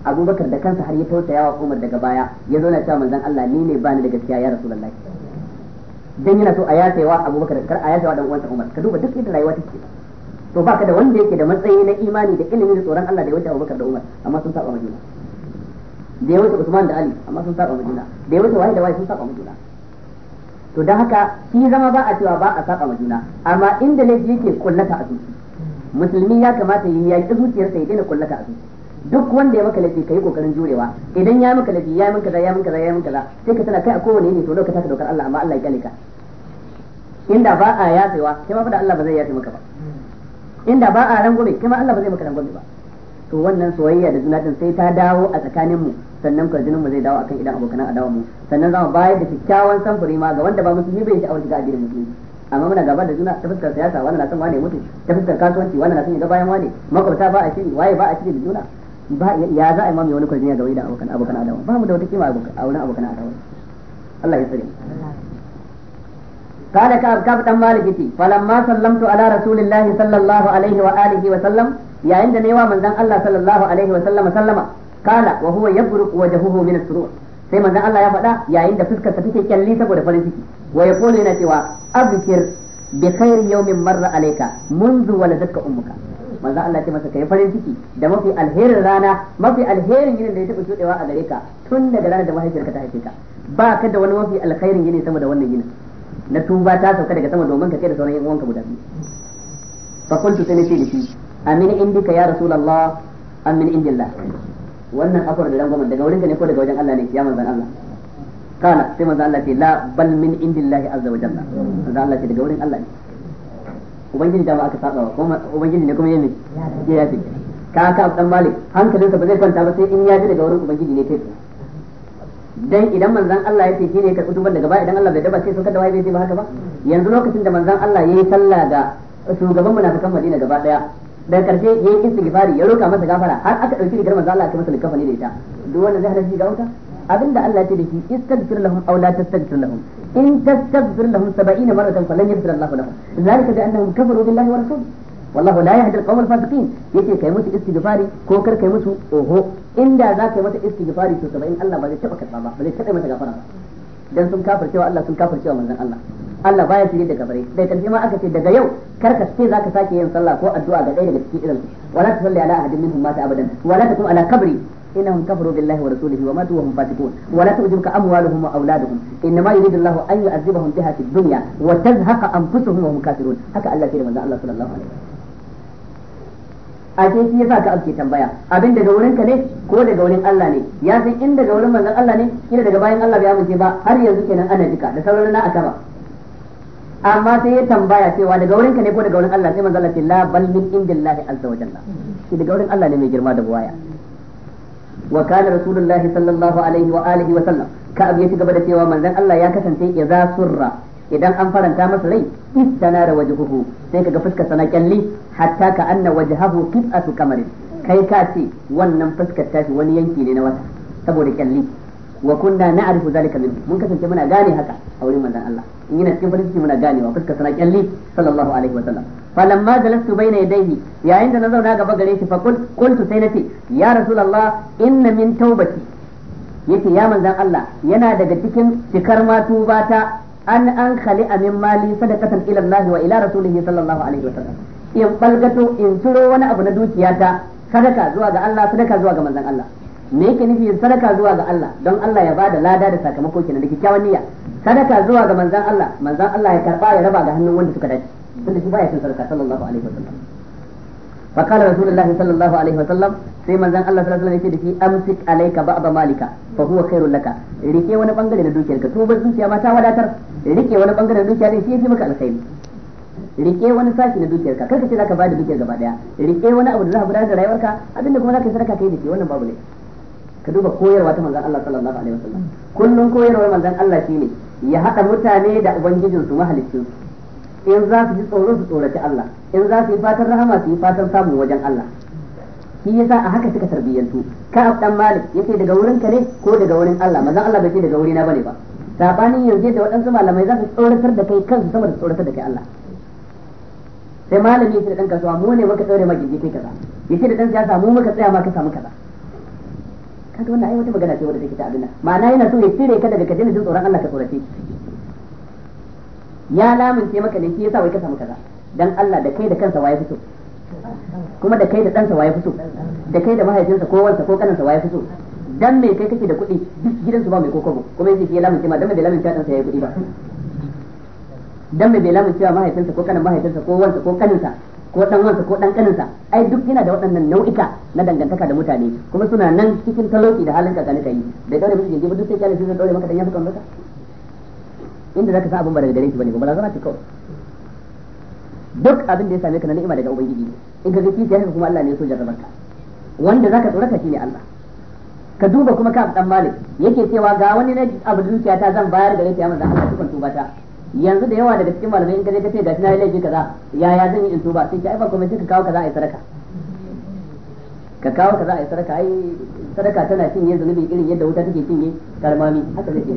abubakar da kansa har ya tausaya wa Umar daga baya ya zo na cewa manzon Allah ni ne bani da gaskiya ya rasulullahi dan yana so a wa abubakar kar a wa dan uwansa Umar ka duba duk inda rayuwa take to baka da wanda yake da matsayi na imani da ilimi da tsoron Allah da ya wuce Abubakar da Umar amma sun saba madina da ya wuce Usman da Ali amma sun saba juna da ya wuce da wahi sun saba juna to dan haka shi zama ba a cewa ba a saba juna amma inda ne yake kullata a zuci musulmi ya kamata ya yi zuciyarsa ya daina kullata a zuci duk wanda ya maka laifi kai kokarin jurewa idan ya maka laifi ya min kaza ya min kaza ya min kaza sai ka tana kai a kowane ne to lokacin ka dokar Allah amma Allah ya kyale ka inda ba a yafewa kai ma fa da Allah ba zai yafe maka ba inda ba a rangume kai ma Allah ba zai maka rangume ba to wannan soyayya da juna din sai ta dawo a tsakanin mu sannan kwarjinin mu zai dawo akan idan abokan adawa mu sannan za mu bayar da kyakkyawan samfuri ma ga wanda ba musulmi bai shi a addinin musulmi amma muna gaba da juna ta fuskar siyasa wannan na son wane mutu ta fuskar kasuwanci wannan na son ya ga bayan wane makwabta ba a shiri waye ba a shiri da juna ba ya za a yi mamaye wani kwarjini ga wani abokan abokan adawa ba mu da wata kima a wurin abokan adawa Allah ya tsare قال كعب كعب مالك فلما سلمت على رسول الله صلى الله عليه وآله وسلم yayin da wa manzan Allah sallallahu alaihi wa sallama sallama kala wa huwa yabruq wajhuhu min as-surur sai manzon Allah ya faɗa yayin da fuskar sa take kyalli saboda farin ciki wa yaqulu yana cewa abkir bi khairi yawmin marra alayka منذ waladatka ummuka manzo Allah ce masa kai farin ciki da mafi alherin rana mafi alherin yinin da ya taɓa shudewa a gare ka tun daga ranar da mahaifiyarka ta haife ka ba ka da wani mafi alkhairin yini sama da wannan yinin na tuba ta sauka daga sama domin ka kai da sauran yan uwanka guda biyu fa kuntu sai da shi amin indika ya rasulullah amin indillah wannan da daga ne ko daga wajen Allah ne ya manzon Allah kana sai Allah ce la bal min indillahi azza wa jalla Allah ce daga wurin Allah ne ubangiji da ba aka saba ba kuma ubangiji ne kuma ya yafi ka ka dan malik hankalinsa ba zai kwanta ba sai in ya ji daga wurin ubangiji ne kai dan idan Allah ya ce shi ne daga baya idan Allah bai daba sai ba haka ba yanzu lokacin da manzon Allah ya yi sallah ga shugaban munafikan Madina gaba daya daga karshe yayi istighfari ya roka masa gafara har aka dauki rigar manzo Allah aka masa likafani da ita duk wanda zai halaci ga wuta abinda Allah ya ce da shi istaghfir lahum aw la tastaghfir lahum in tastaghfir lahum 70 maratan falan yaghfir Allah lahum zalika bi annahum kafaru billahi wa rasulihi wallahu la yahdi al-qawm al-fasiqin yace kai musu istighfari ko kar kai musu oho inda za ka yi masa istighfari to 70 Allah ba zai taba karba ba ba zai taba masa gafara ba dan sun kafircewa Allah sun kafircewa manzon Allah Allah baya shirye da kafirai da karshe ma aka ce daga yau karka ce za ka sake yin sallah ko addu'a ga ɗaya daga cikin irin wala ta salli ala ahadin minhum mata abadan wala ta kum ala kabri innahum kafaru billahi wa rasulihi wa matu wa hum fasiqun wala ta tu'jibka amwaluhum wa auladuhum innama yuridu Allahu an yu'azzibahum biha fid dunya wa tazhaqa anfusuhum wa hum kafirun haka Allah da manzo Allah sallallahu alaihi a ce shi yasa ka ake tambaya abin daga wurin ka ne ko daga wurin Allah ne ya san in daga wurin manzon Allah ne kina daga bayan Allah bai amince ba har yanzu kenan ana jika da sauran na akaba amma sai ya tambaya cewa daga wurin ka ne ko daga wurin Allah sai manzo Allah ce la bal min indillahi azza wa jalla shi daga wurin Allah ne mai girma da buwaya wa kana rasulullahi sallallahu alaihi wa alihi wa sallam ka abu ya gaba da cewa manzon Allah ya kasance idza surra idan an faranta masa rai istana da wajhuhu sai kaga fuskar sana kyalli hatta ka anna wajhahu qit'atu kamarin kai ka ce wannan fuskar wani yanki ne na wata saboda kyalli wa kunna na'rifu zalika min mun kasance muna gane haka a wurin manzon Allah in yana cikin farin ciki muna ganewa fuskar sana kyalli sallallahu alaihi wa sallam falamma jalastu baina yadayhi yayin da na zauna gaba gare shi fa qultu sai nace ya rasulullah inna min taubati yace ya manzan Allah yana daga cikin cikar ma an an khali min mali sadaqatan ila Allah wa ila rasulihi sallallahu alaihi wa sallam in balgato in turo wani abu na dukiyata sadaka zuwa ga Allah sadaka zuwa ga manzan Allah me yake nufi sadaka zuwa ga Allah don Allah ya bada lada da sakamako kenan da kyakkyawan niyya sadaka zuwa ga manzan Allah manzan Allah ya karba ya raba ga hannun wanda suka dace tunda shi baya cin sadaka sallallahu alaihi wasallam fa qala rasulullahi sallallahu alaihi wasallam sai manzan Allah sallallahu alaihi wasallam ya ce da shi amsik alayka ba'd malika fa huwa khairul laka rike wani bangare na dukiyarka to ba ma ta wadatar rike wani bangare na dukiya din shi yafi maka alkhairi rike wani sashi na dukiyarka karka ce zaka da dukiyar gaba daya rike wani abu da zaka gudanar da rayuwarka abinda kuma zaka yi sadaka kai da shi wannan babu ne ka koyarwa ta manzan Allah sallallahu alaihi ya haɗa mutane da ubangijinsu mahalicci in za su ji tsoron su tsoraci Allah in za su yi fatan rahama su yi fatan samun wajen Allah shi yasa a haka suka tarbiyyantu ka dan malik ce daga wurin ka ne ko daga wurin Allah manzon Allah bai ce daga wurina bane ba sabanin yanzu da waɗansu malamai za su tsoratar da kai kansu sama da tsoratar da kai Allah sai malami ya ce da dan kasuwa mu ne muka tsore ma gindi kai kaza ce da dan siyasa mu muka tsaya ma ka samu kaza kaga wannan ai wata magana ce wanda take ta abin ma'ana yana so ya tsire ka daga ka daina jin tsoron Allah ka tsorace ya lamunce maka ne shi yasa wai ka samu kaza dan Allah da kai da kansa waye fito kuma da kai da ɗansa waye fito da kai da mahaifinsa ko wansa ko kaninsa waye fito dan me kai kake da kuɗi duk gidansu ba mai kokobo kuma yace shi ya lamunce ma dan me bai lamunce ɗansa yayi kuɗi ba dan me bai lamunce ma mahaifinsa ko kanin mahaifinsa ko wansa ko kaninsa ko dan wansa ko dan kaninsa ai duk yana da waɗannan nau'ika na dangantaka da mutane kuma suna nan cikin talauci da halin kakani kai da daure musu gindi duk sai kyale sai daure maka dan yafi kanka inda zaka sa abin ba daga gare ki bane ba zana ci kawai duk abin da ya same ka na ni'ima daga ubangiji in ka ga kici haka kuma Allah ne ya so ka wanda zaka tsorata shine Allah ka duba kuma ka dan malik yake cewa ga wani na abu dukiya ta zan bayar gare ki ya manzo Allah tukun tuba ta yanzu da yawa daga cikin malamai in kaje ka ce gashi na laifi kaza yaya zan yi in tuba sai ka aiba kuma ka kawo kaza ai sadaka ka kawo kaza ai sadaka ai sadaka tana cinye zunubi irin yadda wuta take cinye karmami haka zai ce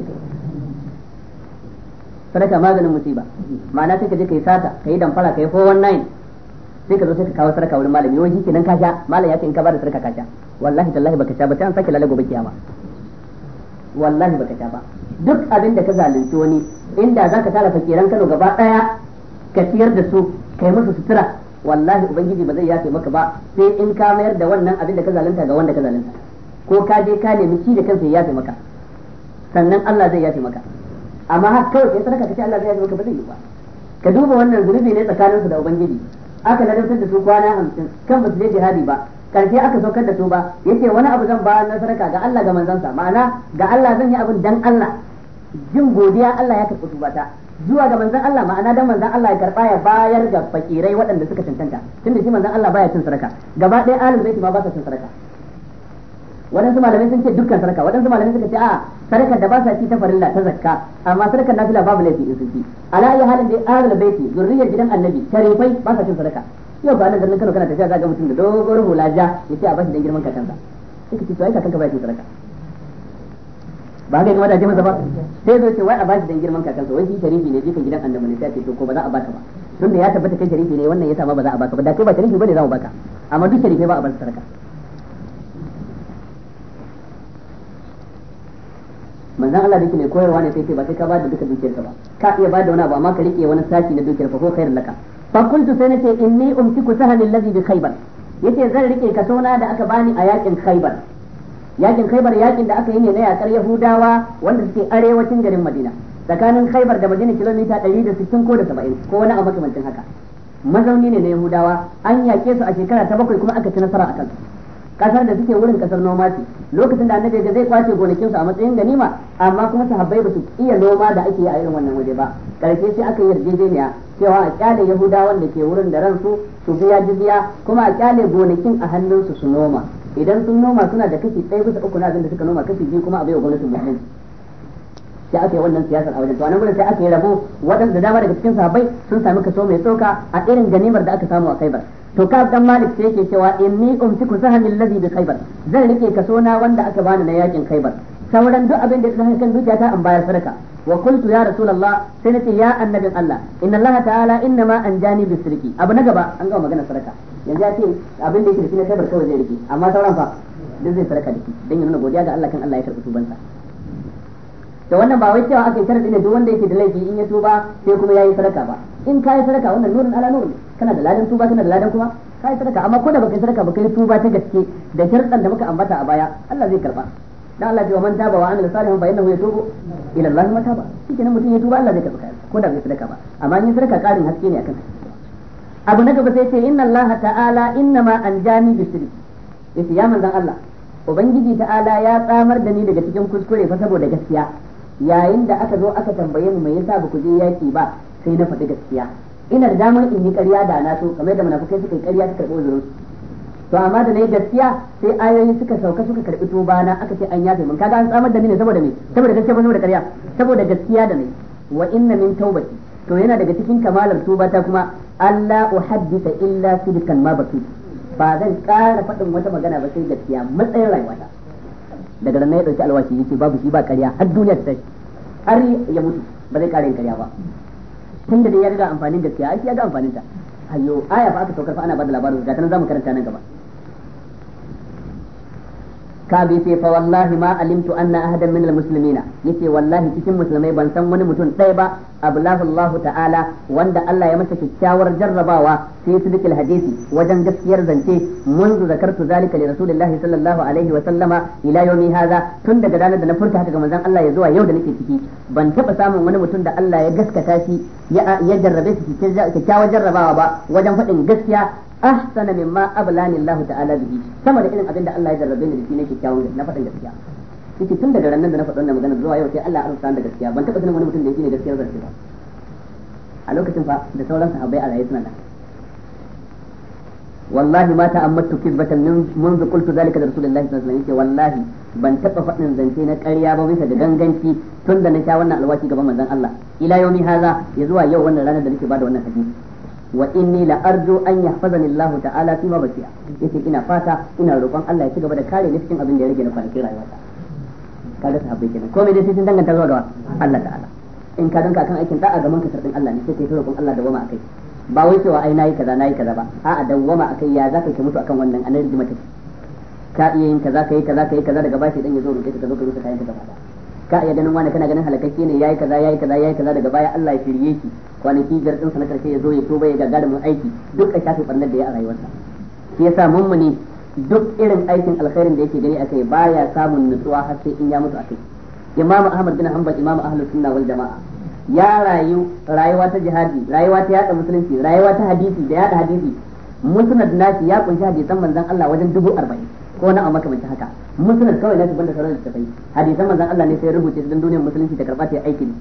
sadaka maganin musiba ma'ana sai ka je kai sata kai damfara kai 419 sai ka zo sai ka kawo sadaka wurin malami shi kenan ka sha malam ya ce in ka bada sadaka ka sha wallahi tallahi baka sha ba sai an sake lalle gobe kiyama wallahi baka sha ba duk abin da ka zalunci wani inda zaka tara fakiran Kano gaba daya ka ciyar da su kai musu sutura wallahi ubangiji ba zai yafe maka ba sai in ka mayar da wannan abin da ka zalunta ga wanda ka zalunta ko ka je ka nemi shi da kansa ya yafe maka sannan Allah zai yafe maka amma har kawai sai sadaka kace Allah zai yafe maka ba zai yi ba ka duba wannan zunubi ne tsakaninsu da ubangiji aka ladabtar da su kwana hamsin kan ba su je jihadi ba karshe aka saukar da tuba yake wani abu zan ba na sadaka ga Allah ga manzansa ma'ana ga Allah zan yi abin dan Allah jin godiya Allah ya karɓi tubata zuwa ga manzan Allah ma'ana dan manzan Allah ya karɓa ya bayar ga fakirai waɗanda suka cancanta tunda shi manzan Allah baya cin sadaka gaba ɗaya alim zai ma ba sa cin sadaka waɗansu malamai sun ce dukkan sadaka waɗansu malamai suka ce a sadaka da ba sa ci ta farilla ta zakka amma sadakar nafila babu laifi in sun ci ala ayi halin dai ahlul baiti zurriyar gidan annabi sharifai ba sa cin sadaka yau ba nan garin Kano kana tafiya zaga mutum da dogon hula ja ce a bashi dan girman kakansa sai ka ce to ai kakanka ba shi sadaka ba ga kamata a ce masa ba sai zo ce wai a bashi dan girman kakansa wai shi sharifi ne jikin gidan annabi ne sai ce to ko ba za a baka ba da ya tabbata kai sharifi ne wannan ya sama ba za a baka ba da kai ba sharifi bane za mu baka amma duk sharifi ba a bashi sadaka manzan Allah da yake mai koyarwa ne sai ce ba sai ka ba da duka dukiyarka ba ka iya ba da wani abu amma ka rike wani sashi na dukiyarka ko khairul laka fa qultu sai nace inni umtiku sahalil ladhi bi khaybar yace zan rike ka sona da aka bani a yakin khaybar yakin khaybar yakin da aka yi ne na yakar yahudawa wanda suke arewacin garin madina tsakanin khaybar da madina kilomita 160 ko da 70 ko wani abu makamancin haka mazauni ne na yahudawa an yake su a shekara ta bakwai kuma aka ci nasara a kansu kasar da suke wurin kasar noma ce lokacin da annabi zai kwace gonakin su a matsayin ganima amma kuma sahabbai ba su iya noma da ake yi a irin wannan waje ba karshe sai aka yi yarjejeniya cewa a kyale yahudawan da ke wurin da ran su biya jibiya kuma a kyale gonakin a hannun su su noma idan sun noma suna da kashi ɗaya bisa uku na abin da suka noma kashi biyu kuma a wa gwamnatin muhimmanci sai aka wannan siyasar a wajen to anan gudun sai aka yi waɗanda dama daga cikin sahabbai sun sami kaso mai tsoka a irin ganimar da aka samu a kaibar to ka dan malik sai yake cewa inni umsiku sahani allazi bi khaybar zan rike kaso na wanda aka bani na yakin khaybar sauran duk abin da ya kan dukiya ta an bayar sadaka wa qultu ya rasulullah sai nace ya annabin allah inna allah ta'ala inna ma anjani bi sirki abu na gaba an gama magana sadaka yanzu ya ce abin da yake da shi na khaybar kawai zai rike amma sauran fa duk zai sadaka da dan ya nuna godiya ga allah kan allah ya karbi tubansa da wannan ba wai cewa aka sharadi ne duk wanda yake da laifi in ya tuba sai kuma yayi sadaka ba in ka yi sadaka wannan nurin ala nurin kana da ladan tuba kana da ladan kuma ka yi sadaka amma ko da baka yi sadaka baka yi tuba ta gaske da sharɗan da muka ambata a baya Allah zai karba dan Allah ce wa man taba wa amila salihan fa innahu yatubu ila Allah ma taba shi mutum ya tuba Allah zai karba ko da bai sadaka ba amma in sadaka karin haske ne akan abu na gaba sai ce inna Allah ta'ala innama anjani bisri yace ya manzon Allah ubangiji ta'ala ya tsamar da ni daga cikin kuskure fa saboda gaskiya yayin da aka zo aka tambaye mu me yasa ba ku je yaki ba sai na faɗi gaskiya ina da damar in yi ƙarya da na so kamar da munafukai suka yi ƙarya suka karɓi uzurin to amma da nayi gaskiya sai ayoyi suka sauka suka karɓi tuba na aka ce an yafe mun kaga an tsamar da ni ne saboda me saboda gaskiya ba saboda ƙarya saboda gaskiya da nayi wa inna min taubati to yana daga cikin kamalar tuba ta kuma Allah uhaddisa illa sidqan ma baki ba zan ƙara faɗin wata magana ba sai gaskiya matsayin rayuwata daga nan ya dauki alwashi yace babu shi ba ƙarya har duniya ta tashi har ya mutu ba zai kare yin ƙarya ba tunda dai ya riga amfanin gaskiya ai ya ga amfanin ta ayo aya fa aka saukar fa ana bada labarin ga tanan zamu karanta nan gaba kabi ce fa wallahi ma alimtu anna ahadan min almuslimina yace wallahi cikin musulmai ban san wani mutum ɗaya ba ablahu Allah ta'ala wanda Allah ya masa kyakkyawar jarrabawa fi sidqil hadisi wajen gaskiyar zance munzu zakar ذلك لرسول الله صلى الله haza ila tun daga ranar da na furta haka ga manzon Allah ya zuwa yau da nake ciki ban taba samun wani mutum da Allah ya gaskata shi ya jarrabe shi kyakkyawar jarrabawa ba wajen faɗin gaskiya ahsana mimma ablani Allah ta'ala bihi sama da irin abin da Allah ya jarrabe ni da shi na kyakkyawan na faɗin gaskiya yake tun daga ranar da na faɗi wannan magana zuwa yau sai Allah ya arzuta da gaskiya ban taɓa sanin wani mutum da yake ne gaskiyar zance ba a lokacin fa da sauran sahabbai a raye suna nan wallahi ma ta'ammattu kizbatan min منذ قلت ذلك wallahi ban taɓa faɗin zance na ƙarya ba bisa da ganganci tun da na sha wannan alwashi gaban manzon Allah ila yomi haza ya zuwa yau wannan ranar da nake bada wannan hadisi wa inni la arju an yahfazani Allah ta'ala fi ma baqiya yace ina fata ina roƙon Allah ya ci gaba da kare ni cikin abin da ya rage na kwanaki rayuwata kaga sahabbai kenan komai dai sai sun danganta zuwa ga Allah ta'ala in ka danka kan aikin da'a gaban ka sardin Allah ne sai kai roƙon Allah da wama akai ba wai cewa ai nayi kaza nayi kaza ba a'a dawwama akai ya zaka ka mutu akan wannan anan rigima take ka iya yin kaza kai kaza kai kaza daga bashi dan ya zo rubuce ka zo ka rubuta kayan ka gaba ka iya ganin wani kana ganin halakakke ne yayi kaza yayi kaza yayi kaza daga baya Allah ya shirye shi kwanaki jar din na karshe ya zo ya tuba ya mun aiki duk a shafi barnar da ya a rayuwarsa shi yasa ne duk irin aikin alkhairin da yake gani akai baya samun nutsuwa har sai in ya mutu akai imamu ahmad bin hanbal imamu ahlus sunna wal jamaa ya rayu rayuwa ta jihadi rayuwa ta yada musulunci rayuwa ta hadisi da yada hadisi musnad nashi ya kunshi hadisan manzon Allah wajen dubu arba'in ko na a makamancin haka musulun kawai na da sauran tafai hadisan manzon Allah ne sai rubuce don duniyar musulunci ta karɓa ta aiki ne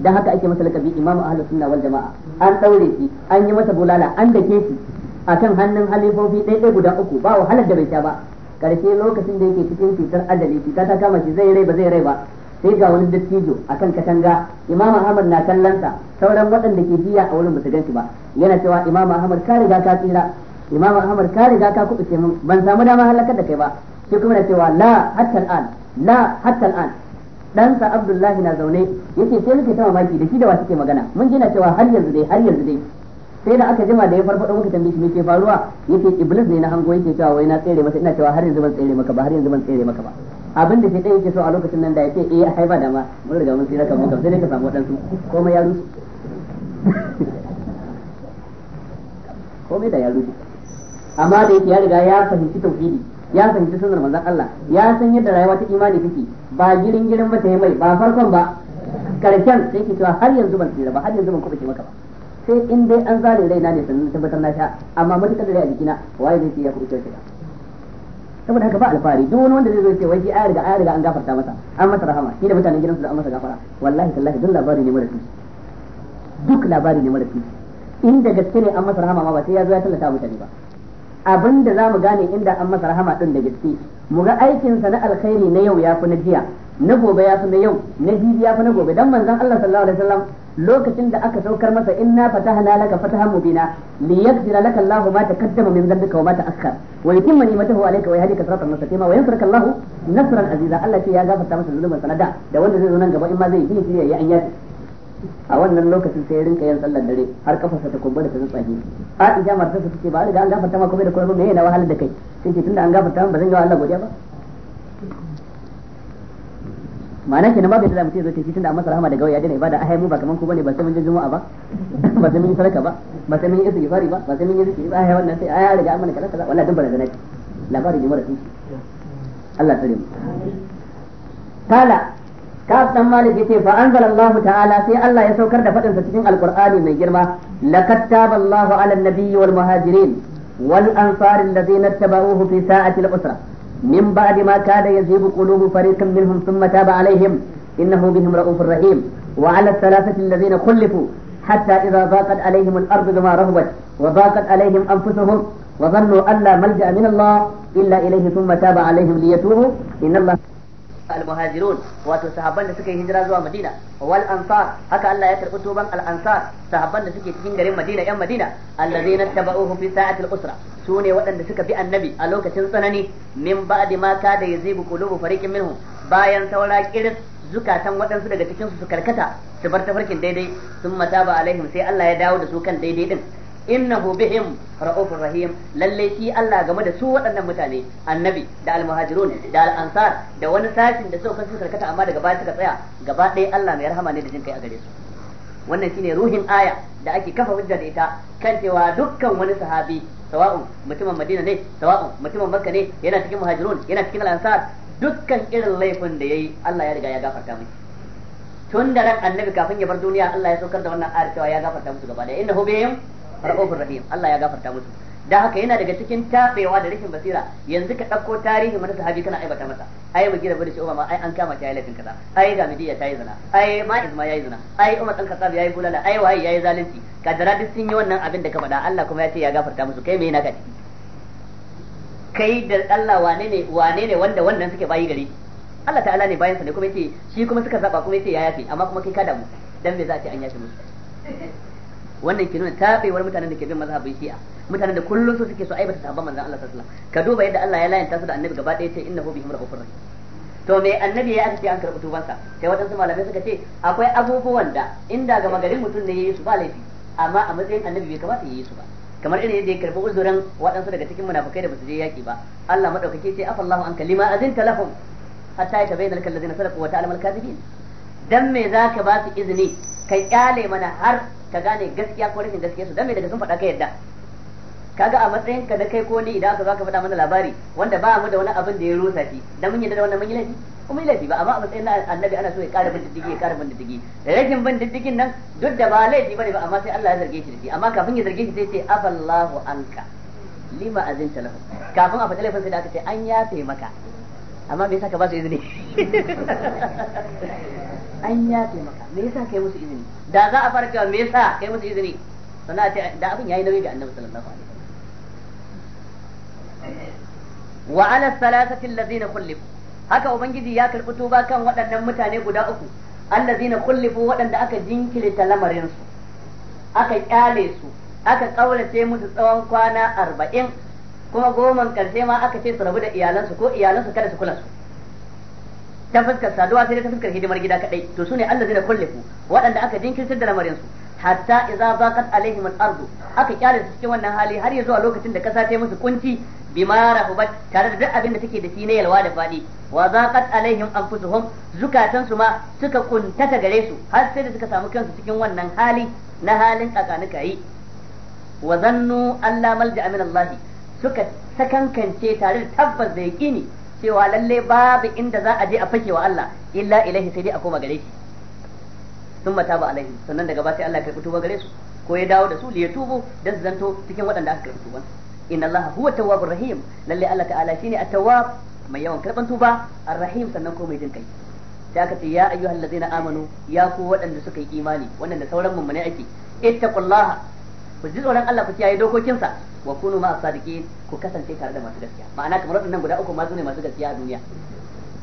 dan haka ake masa lakabi imamu ahlus sunna wal jamaa an daure shi an yi masa bulala an dake shi akan hannun halifofi ɗaya guda uku ba wahalar da bai sha ba karshe lokacin da yake cikin cutar adali cuta ta kama shi zai rai ba zai rai ba sai ga wani dattijo a kan katanga imam ahmad na sa sauran waɗanda ke biya a wurin basu ganshi ba yana cewa imam ahmad ka riga ka tsira imam ahmad ka riga ka kuɓuce min ban samu dama halakar da kai ba shi kuma na cewa la hatta al'an la hatta al'an ɗansa Abdullahi na zaune yake sai muke ta mamaki da shi da wa suke magana mun ji na cewa har yanzu dai har yanzu dai sai da aka jima da ya farfado muka tambaye shi me ke faruwa yake iblis ne na hango yake cewa wai na tsere masa ina cewa har yanzu ban tsere maka ba har yanzu ban tsere maka ba abin da shedan yake so a lokacin nan da yake eh ai ba dama mun riga mun tsira kan muka sai dai ka samu wadansu komai ya rusu komai da ya rusu amma da yake ya riga ya fahimci tauhidi ya fahimci sunar manzon Allah ya san yadda rayuwa ta imani take ba girin girin ba ta mai ba farkon ba karshen sai ke cewa har yanzu ban tsira ba har yanzu ban kubuce maka ba sai in dai an rai na ne sannan tabbatar na sha amma matukar da rai a jikina waye zai ce ya kubuce shi saboda haka ba alfahari duk wani wanda zai zo sai wai shi ayar da ayar an gafarta masa an masa rahama shi da mutanen gidansu da an masa gafara wallahi tallahi duk labari ne mara tushe duk labari ne mara tushe in da gaske ne an masa rahama ma ba sai ya zo ya tallata mutane ba abin da za mu gane inda an masa rahama din da gaske mu ga aikinsa na alkhairi na yau ya fi na jiya na gobe ya fi na yau na jibi ya fi na gobe dan manzon Allah sallallahu alaihi wasallam lokacin da aka saukar masa inna fatahna laka fatahan mubina liyaghfira laka Allah ma taqaddama min dhanbika wa ma ta'akhkhar wa yutimma ni'matahu alayka wa yahdika siratan mustaqima wa yansuruka Allah nasran aziza Allah ce ya gafarta masa zulumin sanada da wanda zai zo nan gaba in ma zai yi shi ya an yafi a wannan lokacin sai rinka yin sallar dare har kafarsa ta kumbura ta tsatsage Aisha matar ta ce ba riga an gafarta ma bai da kuma mai yana wahalar da kai sai ce tunda an gafarta ba zan yi wa Allah godiya ba ma'ana kenan babu da mutum ya zo ce tunda an masa rahama da gawa ya daina ibada a mu ba kaman ku bane ba sai mun ji juma'a ba *laughs* ba sai mun yi sadaka ba ba sai mun yi gifari ba ba sai mun yi zikiri ba a wannan sai ya riga an mana kaza kaza wallahi dun bara ce labarin ne mara tushe Allah tsare mu kala ka dan malik yace fa anzalallahu ta'ala sai Allah ya saukar da fadin sa cikin alqur'ani mai girma laqad taballahu 'ala an-nabiyyi wal muhajirin wal ansar alladhina ittaba'uhu fi sa'ati al-usra min ba'di ma kada yazibu qulubu fariqin minhum thumma taba 'alayhim innahu bihim ra'ufur rahim wa 'ala ath-thalathati alladhina khulifu حتى إذا ضاقت عليهم الأرض بما رهبت وضاقت عليهم أنفسهم وظنوا أن لا ملجأ من الله إلا إليه ثم تاب عليهم ليتوبوا إن الله al wato sahaban da suka yi hijira zuwa Madina wal ansar haka Allah ya karbi tuban al ansar sahabban da suke cikin garin Madina yan Madina allazina tabauhu fi sa'ati al-usra ne waɗanda suka bi annabi a lokacin tsanani min ba'di ma kada yazibu qulubu fariqin minhu bayan saura kiris zukatan waɗansu daga cikinsu su karkata su bar tafarkin daidai sun mata mataba alaihim sai Allah ya dawo da su kan daidai din innahu bihim ra'ufur rahim lalle shi Allah game da su waɗannan mutane annabi da almuhajirun da al-ansar da wani sashin da suka su karkata amma daga baya suka tsaya gaba ɗaya Allah mai rahama ne da jin kai a gare su wannan shine ruhin aya da ake kafa hujja da ita kan cewa dukkan wani sahabi sawa'un mutumin Madina ne sawa'un mutumin Makka ne yana cikin muhajirun yana cikin al-ansar dukkan irin laifin da yayi Allah ya riga ya gafarta mishi tun da ran annabi kafin ya bar duniya Allah ya saukar da wannan ayar cewa ya gafarta musu gaba da innahu bihim ra'ufur rahim Allah ya gafarta musu da haka yana daga cikin tabewa da rashin basira yanzu ka ɗauko tarihi mana sahabi kana aibata masa ai mu gida bari shi ma ai an kama ta yayi laifin kaza ai ga midiya ta yi zina ai izma ya yayi zina ai umar dan khattab yayi bulala ai ya yayi zalunci kadara duk sun yi wannan abin da ka faɗa Allah kuma ya ce ya gafarta musu kai me yana ka ciki kai da Allah wane ne wane ne wanda wannan suke bayi gare Allah ta'ala ne bayansa ne kuma yace shi kuma suka zaba kuma yace ya yafe amma kuma kai ka damu dan me za a ce an yafe musu wannan ke nuna tabewar mutanen da ke bin mazhabin shi'a mutanen da kullum su suke so aibata sahabban manzon Allah sallallahu alaihi wasallam ka duba yadda Allah ya layanta su da annabi gaba ɗaya ce innahu bihim ra'ufur rahim to me annabi ya aka ce an karɓi tubansa sai waɗansu malamai suka ce akwai abubuwan da inda ga magarin mutum ne yayi su ba laifi amma a matsayin annabi bai kamata yayi su ba kamar irin yadda ya karɓi uzurin waɗansu daga cikin munafukai da basu je yaƙi ba Allah madaukake ce afallahu anka lima azinta lahum hatta yatabayyana lakal ladina sadaqu wa ta'lamal kadhibin dan me zaka ba su izini ka kyale mana har ka gane gaskiya ko rashin gaskiya su dame daga sun faɗa ka yadda kaga a matsayin ka da kai ko ni idan aka zo ka faɗa mana labari wanda ba mu da wani abin da ya rusa shi dan mun yadda da wannan mun yi laifi kuma yi laifi ba amma a matsayin na annabi ana so ya ƙara bin diddigi ya ƙara bin diddigi rashin bin diddigin nan duk da ba laifi bane ba amma sai Allah ya zarge shi da shi amma kafin ya zarge shi sai ce afallahu anka lima azinta lahu kafin a faɗa laifin sai da aka ce an yafe maka amma me yasa ka ba su izini *laughs* an yafe maka me yasa kai musu izini da za a fara cewa me yasa kai musu izini sannan a ce da abin yayi nauyi ga annabi sallallahu alaihi wasallam wa ala salasati allazina kullifu haka ubangiji ya karbi tuba kan waɗannan mutane guda uku allazina kullifu waɗanda aka jinkirta lamarin su aka kyale su aka kaurace musu tsawon kwana arba'in kuma goman karshe ma aka ce su rabu da iyalansu ko iyalansu kada su kula su ta fuskar saduwa sai ta fuskar hidimar gida kadai to sune kulle ku waɗanda aka jinkirtar da lamarin su hatta idza baqat alaihim al-ardu aka kyale su cikin wannan hali har ya zuwa lokacin da kasa ta yi musu kunci bima rahubat tare da duk abin da take da shi na yalwa da fadi wa zaqat alaihim anfusuhum zukatan su ma suka kuntata gare su har sai da suka samu kansu cikin wannan hali na halin tsakanin yi wa zannu alla malja'a min suka sakankance tare da tabbas da yaqini cewa lalle babu inda za a je a fake wa Allah illa ilaihi sai dai a koma gare shi sun mata ba alaihi sannan daga ba sai Allah ya tuba gare su ko ya dawo da su li yatubu dan su zanto cikin waɗanda aka karɓi tuban inna Allah huwa tawwabur rahim lalle Allah ta'ala shine at-tawwab mai yawan karban tuba ar-rahim sannan ko mai jin kai sai aka ce ya ayyuhallazina amanu ya ku waɗanda suka yi imani wannan da sauran mummune ake ittaqullaha ku ji tsoron Allah ku kiyaye dokokinsa wa kunu ma sadiqin ku kasance tare da masu gaskiya ma'ana kamar waɗannan guda uku ma su ne masu gaskiya a duniya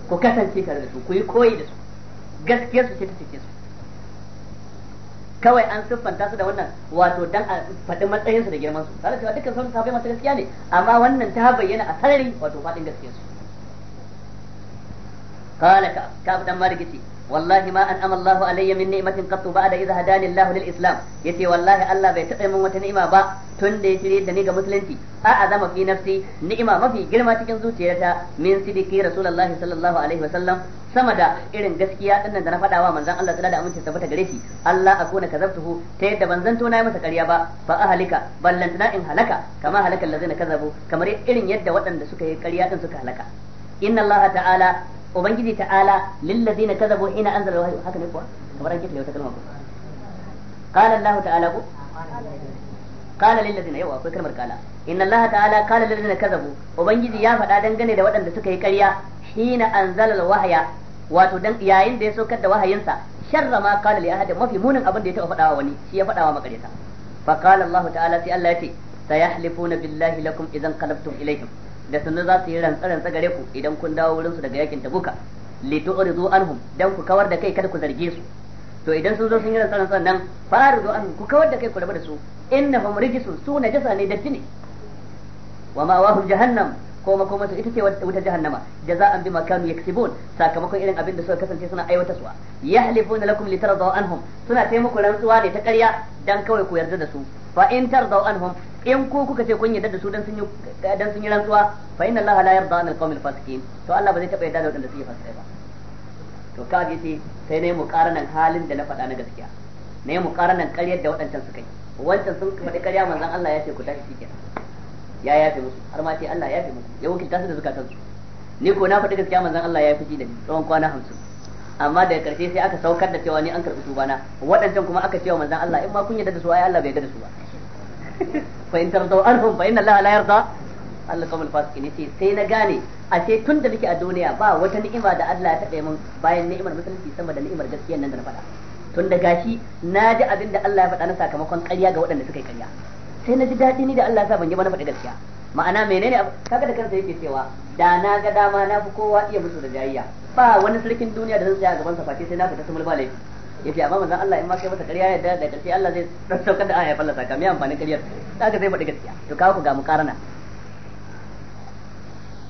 ku kasance tare da su ku yi koyi da su gaskiyar su ce ta ce. su kawai an siffanta su da wannan wato dan a faɗi matsayin su da girman su tare cewa dukkan sauran sahabbai masu gaskiya ne amma wannan ta bayyana a sarari wato faɗin gaskiyar su qala ka ka dan maliki wallahi ma an amallahu alayyamin min ni'matin qattu ba'da idha hadani Allah lil Islam yace wallahi Allah bai taɓa min wata ni'ima ba tun da ya shirye da ni ga musulunci a azama fi nafsi ni'ima mafi girma cikin zuciyata min sidiki rasulullahi sallallahu alaihi wa sallam sama da irin gaskiya dinnan da na faɗawa wa manzon Allah tsada da aminci tabbata gare shi Allah akuna kazabtuhu ta yadda ban zanto na yi masa ƙarya ba fa ahlika ballantana in halaka kama halaka allazina kazabu kamar irin yadda waɗanda suka yi karya din suka halaka inna Allah ta'ala ubangiji ta'ala lillazina kadzabu ina anzala wahyu haka ne kuwa kamar an kitale wata kalma ko qala allah ta'ala ko qala lillazina yawa akwai kalmar qala inna allah ta'ala qala lillazina kadzabu ubangiji ya faɗa dangane da waɗanda suka yi ƙarya hina anzala wahya wato dan yayin da ya saukar da wahayinsa sharra ma qala li ahadin mafi munin abin da ya taɓa faɗawa wani shi ya faɗawa makareta fa qala allah ta'ala sai allah ya ce sayahlifuna billahi lakum idan qalabtum ilaihim da sannan za su yi rantsa-rantsa gare ku idan kun dawo wurinsu su daga yakin tabuka li tu'ridu anhum dan ku kawar da kai kada ku zarge su to idan sun zo sun yi rantsa-rantsa nan fararidu anhum ku kawar da kai ku rabu da su innahum rijsun su najasa ne datti ne wa ma wahum jahannam ko makoma su ita ce wuta jahannama jaza'an bima kanu yaksibun sakamakon irin abin da suka kasance suna aiwata suwa yahlifuna lakum litardaw anhum suna taimako rantsuwa ne ta ƙarya dan kawai ku yarda da su fa in tardaw anhum in ku kuka ce kun yarda da su dan sun yi dan sun yi rantsuwa fa inna allaha la yarda an alqawmil fasikin to Allah ba zai taba yarda da wadanda suke fasikai ba to ka ji sai sai mu muqaranan halin da na faɗa na gaskiya mu muqaranan ƙaryar da waɗancan suka yi wancan sun faɗi ƙarya manzon Allah ya ce ku tashi cikin ya yafe musu har ma ce Allah ya yafe musu ya wakilta su da su ni ko na faɗi gaskiya manzon Allah ya yi ji da ni tsawon kwana hamsin amma daga karshe sai aka saukar da cewa ni an karɓi tubana waɗancan kuma aka cewa manzon Allah in ma kun yarda da su ai Allah bai yarda da su ba fa in tardaw anhum fa inna allaha la yarda Allah kamar fasiki ne sai na gane a ce tun da nake a duniya ba wata ni'ima da Allah ya taɓa min bayan ni'imar musulunci sama da ni'imar gaskiyar nan da na faɗa tun da gashi na ji abin da Allah ya faɗa na sakamakon ƙarya ga waɗanda suka yi ƙarya sai na ji daɗi ni da Allah ya sa ban yi ba na faɗi gaskiya ma'ana menene kaga da kansa yake cewa da na ga dama na fi kowa iya musu da jayayya ba wani sarkin duniya da zan tsaya gaban sa face sai na fita sumul ba laifi yace amma manzon Allah in ma kai masa ƙarya ya da ƙarshe Allah zai dan saukar da aya ya fallasa ka me amfanin ƙaryar haka zai faɗi gaskiya to kawo ku ga mukarana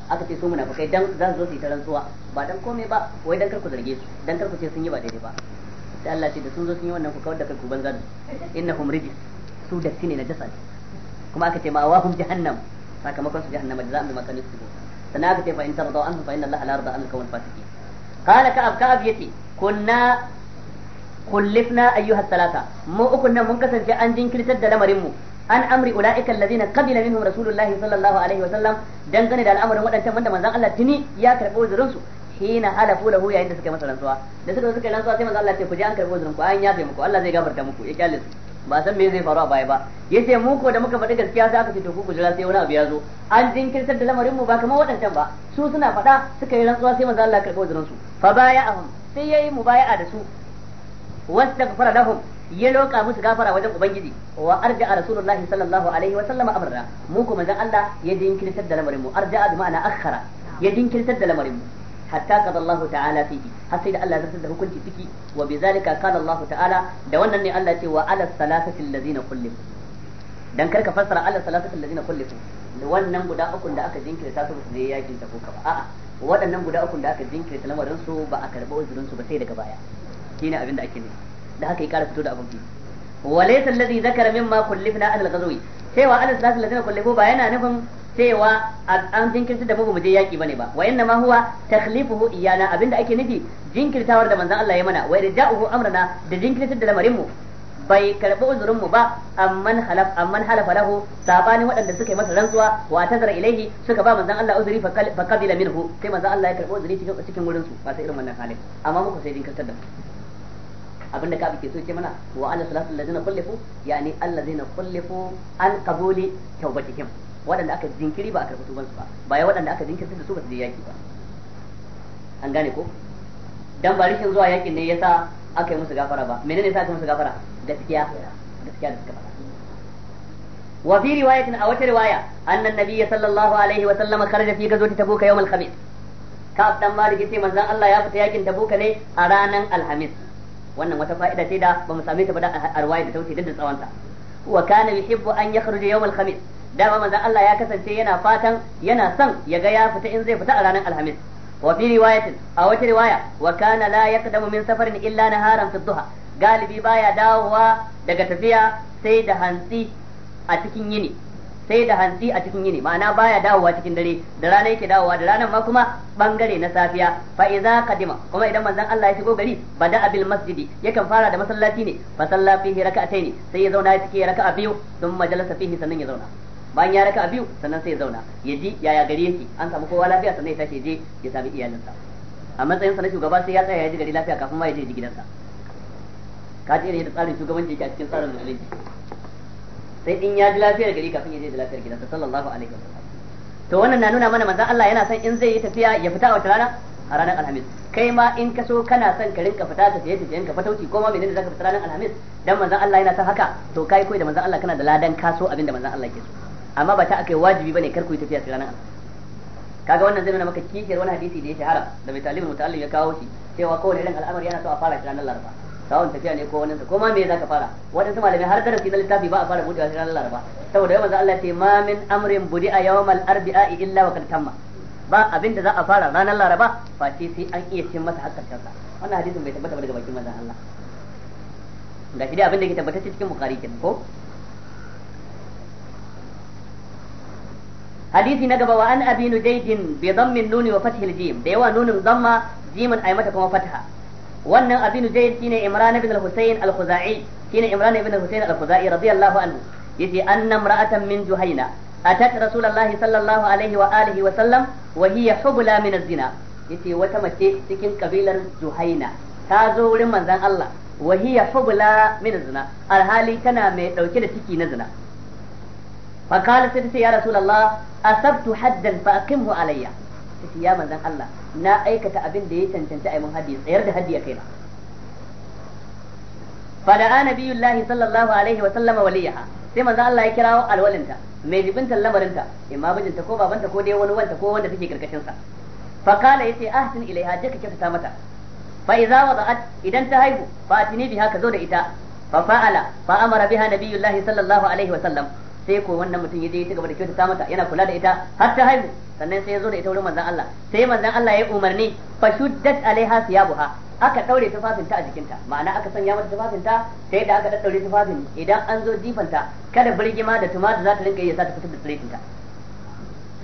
aka ce su munafikai dan za su zo su yi ta suwa ba dan komai ba wai dan karku zarge su dan karku ce sun yi ba daidai ba sai Allah ce da sun zo sun yi wannan ku kawar da kai ku banza da innahum rijis su da ne na jasad kuma aka ce ma wahum jahannam sakamakon su jahannama da za a bi makani su go sannan aka ce fa in tarda anhu fa inna Allah la yarda an al-qawl fasiqin qala ka abka abiyati kunna kullifna ayyuha salasa mu ukun nan mun kasance an jinkirtar da lamarin mu an amri ulaika allazina qabila minhum rasulullahi sallallahu alaihi wa sallam dangane da al'amarin wadancan wanda manzon Allah tuni ya karbi uzurin su hina halafu lahu yayin da masa rantsuwa da suka suka rantsuwa sai manzon Allah ce ku je an karbi uzurin ku an yafe muku Allah zai gafarta muku ya kyale ba san me zai faru a baya ba yace mu ko da muka faɗi gaskiya sai aka ce to ku jira sai wani abu ya zo an jinkirtar da lamarin mu ba kamar wadancan ba su suna faɗa suka yi rantsuwa sai manzon Allah karbi uzurin su fa baya'ahum sai yayi mubaya'a da su wastaghfara lahum ya loka musu gafara wajen ubangiji wa arja'a rasulullahi sallallahu alaihi wa sallama amrana mu kuma zan Allah ya jinkirtar da lamarin mu arja'a bi ma'ana akhara ya jinkirtar da lamarin hatta qada Allah ta'ala fihi har sai da Allah zartar da hukunci ciki wa bizalika qala Allah ta'ala da wannan ne Allah ce wa dan karka fassara ala salasati allazina kullu wannan guda ukun da aka jinkirta su su je yakin tabuka ba a'a waɗannan guda ukun da aka ta lamarin su ba a karɓi uzurin su ba sai daga baya shine abin da ake nufi da haka ya kara fito da abin walaysa alladhi zakara mimma kullifna al-ghazwi cewa an al alladhi kullifu ba yana nufin cewa an jinkirta da mu je yaki bane ba wa inna ma huwa takhlifuhu iyana abinda ake nufi jinkirtawar da manzon Allah ya mana wa irja'uhu amrana da jinkirtar da lamarin mu bai karɓi uzurin mu ba amman halaf amman halafa lahu waɗanda suka yi masa rantsuwa wa tazara ilaihi suka ba manzon Allah uzuri fa qabila minhu sai manzon Allah ya karɓi uzuri cikin wurin su ba sai irin wannan halin amma muku sai jinkirtar da mu abin da kabi ke so ce mana wa ala salatu allazina kullifu yani allazina kullifu an qabuli tawbatihim waɗanda aka jinkiri ba a karɓi tubansu ba ba ya waɗanda aka jinkirta da su ba su je yaki ba an gane ko dan ba rishin zuwa yakin ne yasa aka yi musu gafara ba menene yasa aka musu gafara gaskiya gaskiya da suka faɗa wa fi riwayatin a wata riwaya annan nabiyyi sallallahu alaihi wa sallam kharaja fi gazwati tabuka yawm al-khamis ka'ab dan malik yace manzon Allah ya fita yakin tabuka ne a ranan alhamis wannan wata fa'ida sai da bamu same ta ba da arwaya da tauce duk da tsawanta wa kana yuhibbu an yakhruja yawm al-khamis dama manzon Allah ya kasance yana fatan yana son ya ga ya fita in zai fita a ranar alhamis wa fi riwayatin a wata riwaya wa kana la yaqdamu min safarin illa naharan fi duha galibi baya dawowa daga tafiya sai da hantsi a cikin yini sai da hantsi a cikin yini ma'ana baya dawowa cikin dare da rana yake dawowa da ranar ma kuma bangare na safiya fa kadima qadima kuma idan manzon Allah ya shigo gari bada abil masjidi yakan fara da masallaci ne fa salla fihi raka'ataini sai ya zauna cikin raka'a biyu sun majalasa fihi sannan ya zauna bayan ya raka'a biyu sannan sai ya zauna ya ji yaya gari yake an samu kowa lafiya sannan ya tashi je ya sami iyalinsa a sa na shugaba sai ya tsaya ya ji gari lafiya kafin ma ya je gidansa ka ji ne da tsarin shugabanci yake a cikin tsarin musulunci sai in ya ji lafiyar gari kafin ya je da lafiyar gidansa sallallahu alaihi wasallam to wannan na nuna mana manzon Allah yana son in zai yi tafiya ya fita a wata rana a ranar alhamis kai ma in ka so kana son ka rinka fita tafiye tafiyen ka fatauci ko ma menene zaka fita ranar alhamis dan manzon Allah yana son haka to kai koyi da manzon Allah kana da ladan kaso abinda manzon Allah ke so amma ba ta akai wajibi bane kar ku yi tafiya ranar alhamis kaga wannan zai nuna maka kishiyar wani hadisi da ya shahara da mai talibin muta'allim ya kawo shi cewa kowane irin al'amari yana so a fara ranar laraba kawon tafiya ne ko wani ko ma me zaka fara waɗansu malamai har darasi na littafi ba a fara budewa sai ranar laraba saboda yau manzo Allah ce ma min amrin budi a yawmal arbi'a illa wa kad tamma ba abin da za a fara ranar laraba face sai an iya cin masa hakkarcin sa wannan hadisin bai tabbata ba daga bakin manzon Allah ga shi dai abin da ke tabbata cikin bukari kenan ko hadisi na gaba wa an abi nujaydin bi dhammin nuni wa fathil jim da yawa nunin dhamma jimin ay mata kuma fatha wannan abinu shi ne imran ibn al-husayn al-khuzai ne imran ibn al-husayn al-khuzai radiyallahu anhu yace anna imra'atan min juhayna atat rasulullahi sallallahu alaihi wa alihi wa sallam wa hiya hubla min az-zina yace wata mace cikin kabilar juhaina ta zo wurin manzon Allah wa hiya hubla min az-zina alhali tana mai dauke da ciki na zina fa qala sai ta ce ya rasulullah asabtu haddan fa aqimhu alayya ya manzon Allah na aikata abin da ya cancanci a mun haddi tsayar da haddi ya kaina fada'a nabiyullahi sallallahu alaihi wa sallama waliyaha sai manzo Allah ya kirawo alwalinta mai jibintan lamarinta imma mijinta ko babanta ko dai wani wanta ko wanda take karkashinsa. fakala ya ce yace ahsin ilaiha je ka kyautata mata fa wa wada'at idan ta haihu fa atini biha ka zo da ita fa fa'ala fa amara biha nabiyullahi sallallahu alaihi wa sallam sai ko wannan mutum ya je ya gaba da kyautata mata yana kula da ita har ta haihu sannan sai ya zo da ita wurin manzon Allah sai manzon Allah ya umarni fa shuddat alaiha siyabuha aka daure tufafinta a jikinta ma'ana aka sanya mata tufafinta sai da aka daddaure tufafin idan an zo jifanta kada birgima da tumatu za ta rinka yi ya sa ta fitar da tsirikinta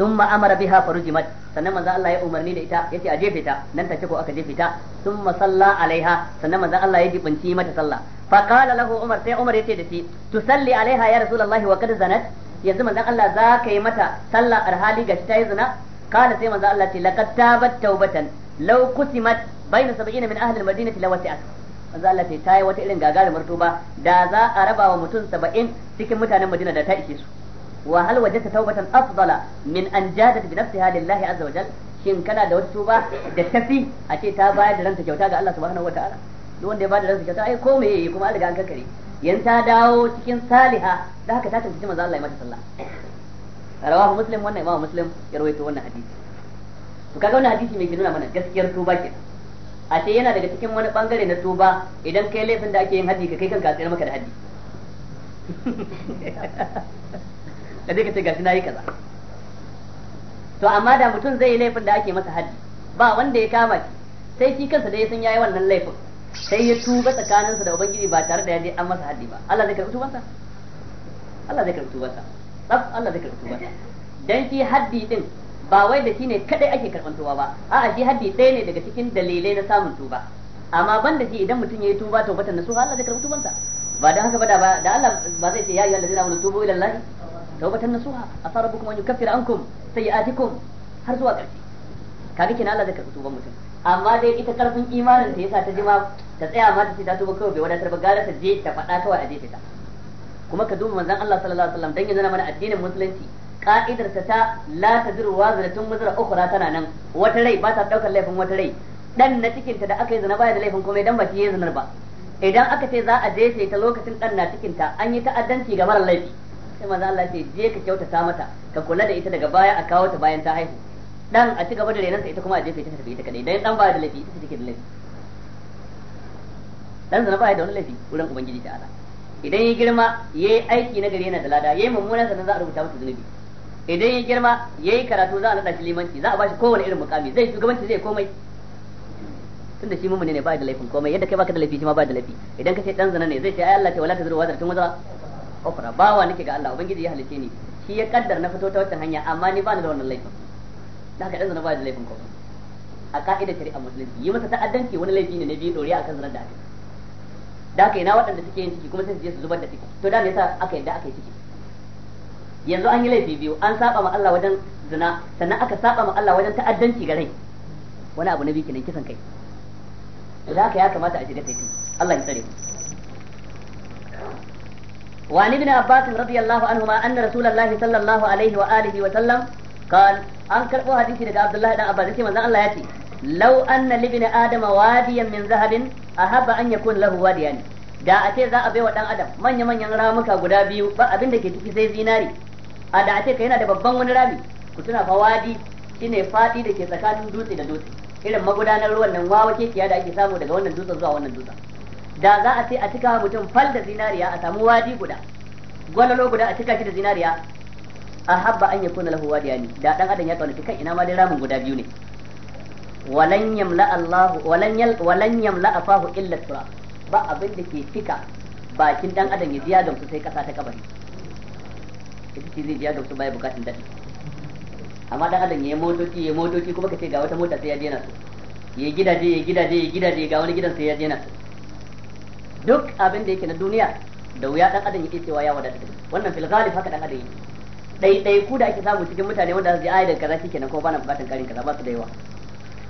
thumma amara biha farujimat sannan manzo Allah ya umarni da ita yace a jefe ta nan take ko aka jefe ta thumma salla alaiha sannan manzo Allah ya jibanci mata sallah fa qala lahu umar sai umar yace da shi tusalli alaiha ya rasulullahi wa kad zanat yanzu manzo Allah za ka yi mata sallah arhali gashi ta yi zina kana sai manzo Allah ce laqad tabat taubatan law kusimat baina 70 min ahli almadinati lawati'at manzo Allah ce ta yi wata irin gagarumar tuba da za a raba wa mutum saba'in cikin mutanen Madina da ta ishe su wa hal wajadta tawbatan afdala min an jadat bi nafsiha lillahi azza wajal shin kana da wata tuba da tafi a ce ta bayar da ranta kyauta ga Allah subhanahu wataala duk wanda ya da ranta kyauta ai ko me kuma an riga an kankare yan ta dawo cikin saliha da haka ta tantance manzo Allah ya mata sallah rawahu muslim wannan imamu muslim ya rawaito wannan hadisi to kaga wannan hadisi mai ke nuna mana gaskiyar tuba ke? a ce yana daga cikin wani bangare na tuba idan kai laifin da ake yin haji ka kai kanka a tsayar maka da haji ka je ka ce gashi nayi kaza to amma da mutum zai yi laifin da ake masa haddi ba wanda ya kama shi sai shi kansa da ya san yayi wannan laifin sai ya tuba tsakaninsa da ubangiji ba tare da ya je an masa haddi ba Allah zai karɓi tubarsa Allah zai karɓi tubarsa tsaf Allah zai karɓi tubarsa dan shi haddi din ba wai da shi ne kadai ake karɓan tuba ba a'a shi haddi ɗaya ne daga cikin dalilai na samun tuba amma ban da shi idan mutum ya yi tuba na su Allah zai karɓi tubarsa ba dan haka ba da ba da Allah ba zai ce ya ayyuhal na amanu tubu ila Allah tawbatan nasuha asa rabbukum an yukaffira ankum sayi'atikum har zuwa ƙarshe kaga kina Allah zai karɓi tuban mutum amma dai ita karfin imanin ta yasa ta jima ta tsaya ma ta ce ta tuba kawai bai wadatar ba gara ta je ta faɗa kawai a je ta kuma ka duba manzon Allah sallallahu alaihi wasallam dan ya nuna mana addinin musulunci ka'idar ta ta la taziru waziratun muzra ukhra tana nan wata rai ba ta daukar laifin wata rai dan na cikin ta da aka yi zina baya da laifin komai dan ba shi yayin zinar ba idan aka ce za a je ta lokacin dan na cikin ta an yi ta'addanci ga mara laifi sai manzo Allah ce je ka kyautata mata ka kula da ita daga baya a kawo ta bayan ta haihu dan a ci gaba da renanta ita kuma a jefe ta tafi ita kadai dan dan ba da laifi ita take da laifi dan zana ba da wani laifi wurin ubangiji ta ala idan ya girma yayi aiki na gari yana da lada yayi mummunan sanan za a rubuta masa zunubi idan ya girma yayi karatu za a nada shi limanci za a bashi kowane irin mukami zai shugabanci zai komai tunda shi mumune ne ba da laifin komai yadda kai baka da laifi shi ma ba da laifi idan ka ce dan zana ne zai ce ai Allah ce wala tazuru wazar tun wazara ukhra bawa nake ga Allah ubangiji ya halice ni shi ya kaddar na fito ta wata hanya amma ni ba ni da wannan laifin da haka dan ba da laifin ko a ka'idar shari'a musulunci yi masa ta'addanci wani laifi ne na biyu doriya akan zanar da aka da haka yana waɗanda suke yin ciki kuma sai su je su zubar da ciki to da me yasa aka yadda aka yi ciki yanzu an yi laifi biyu an saba ma Allah wajen zina sannan aka saba ma Allah wajen ta'addanci ga rai wani abu na biyu kenan kisan kai da haka ya kamata a shiga kai Allah ya tsare mu وعن ابن عباس رضي الله عنهما أن رسول الله صلى الله عليه وآله وسلم قال أن كربو حديثي لدى عبد الله بن عباس يتي من الله يتي لو أن لابن آدم واديا من ذهب أحب أن يكون له واديا يعني. da a ce za a baiwa dan adam manya manyan ramuka guda biyu ba abin da ke ciki sai zinari a da a ce ka yana da babban wani rami ku tuna fa wadi shine fadi da ke tsakanin dutse da dutse irin magudanar ruwan nan wawa kekiya da ake samu daga wannan dutsen zuwa wannan dutsen da za a ce a cika mutum fal da zinariya a samu wadi guda gwalalo guda a cika shi da zinariya a habba an yakuna lahu wadiyani da dan adam ya kaunaci kai ina ma dai ramin guda biyu ne walan yamla Allahu walan yal walan yamla afahu illa tura ba abin da ke cika bakin dan adam ya biya su sai kasa ta kabari ita ce zai biya su baya bukatun dadi amma dan adam yayi motoci yayi motoci kuma ka ce ga wata mota sai ya dena su yayi gidaje yayi gidaje yayi gidaje ga wani gidan sai ya dena su duk abin da yake na duniya da wuya dan adam yake cewa ya wadata wannan fil ghalib haka dan adam yake dai ku da ake samu cikin mutane wanda zai ji ayi daga kaza shi kenan ko bana bukatan karin kaza ba su da yawa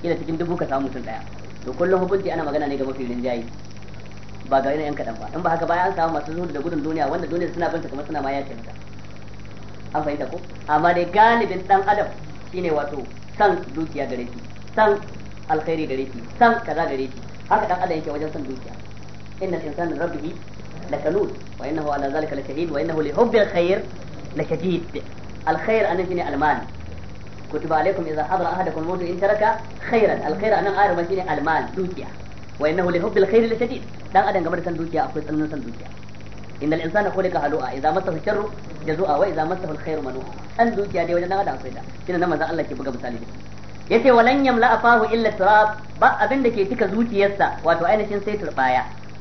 kila cikin dubu ka samu mutum daya to kullum hukunci ana magana ne ga mafi rinjaye ba ga ina yan kadan ba in ba haka ba an samu masu zuwa da gudun duniya wanda duniya suna binta kamar suna ma yake mata an fahimta ko amma dai galibin dan adam shine wato san dukiya gare shi san alkhairi gare shi san kaza gare shi haka dan adam yake wajen san dukiya inna al-insana rabbihi lakanun wa innahu ala zalika lashahid wa innahu li hubbil khair wa innahu li hubbil da san ba abin da ke zuciyarsa wato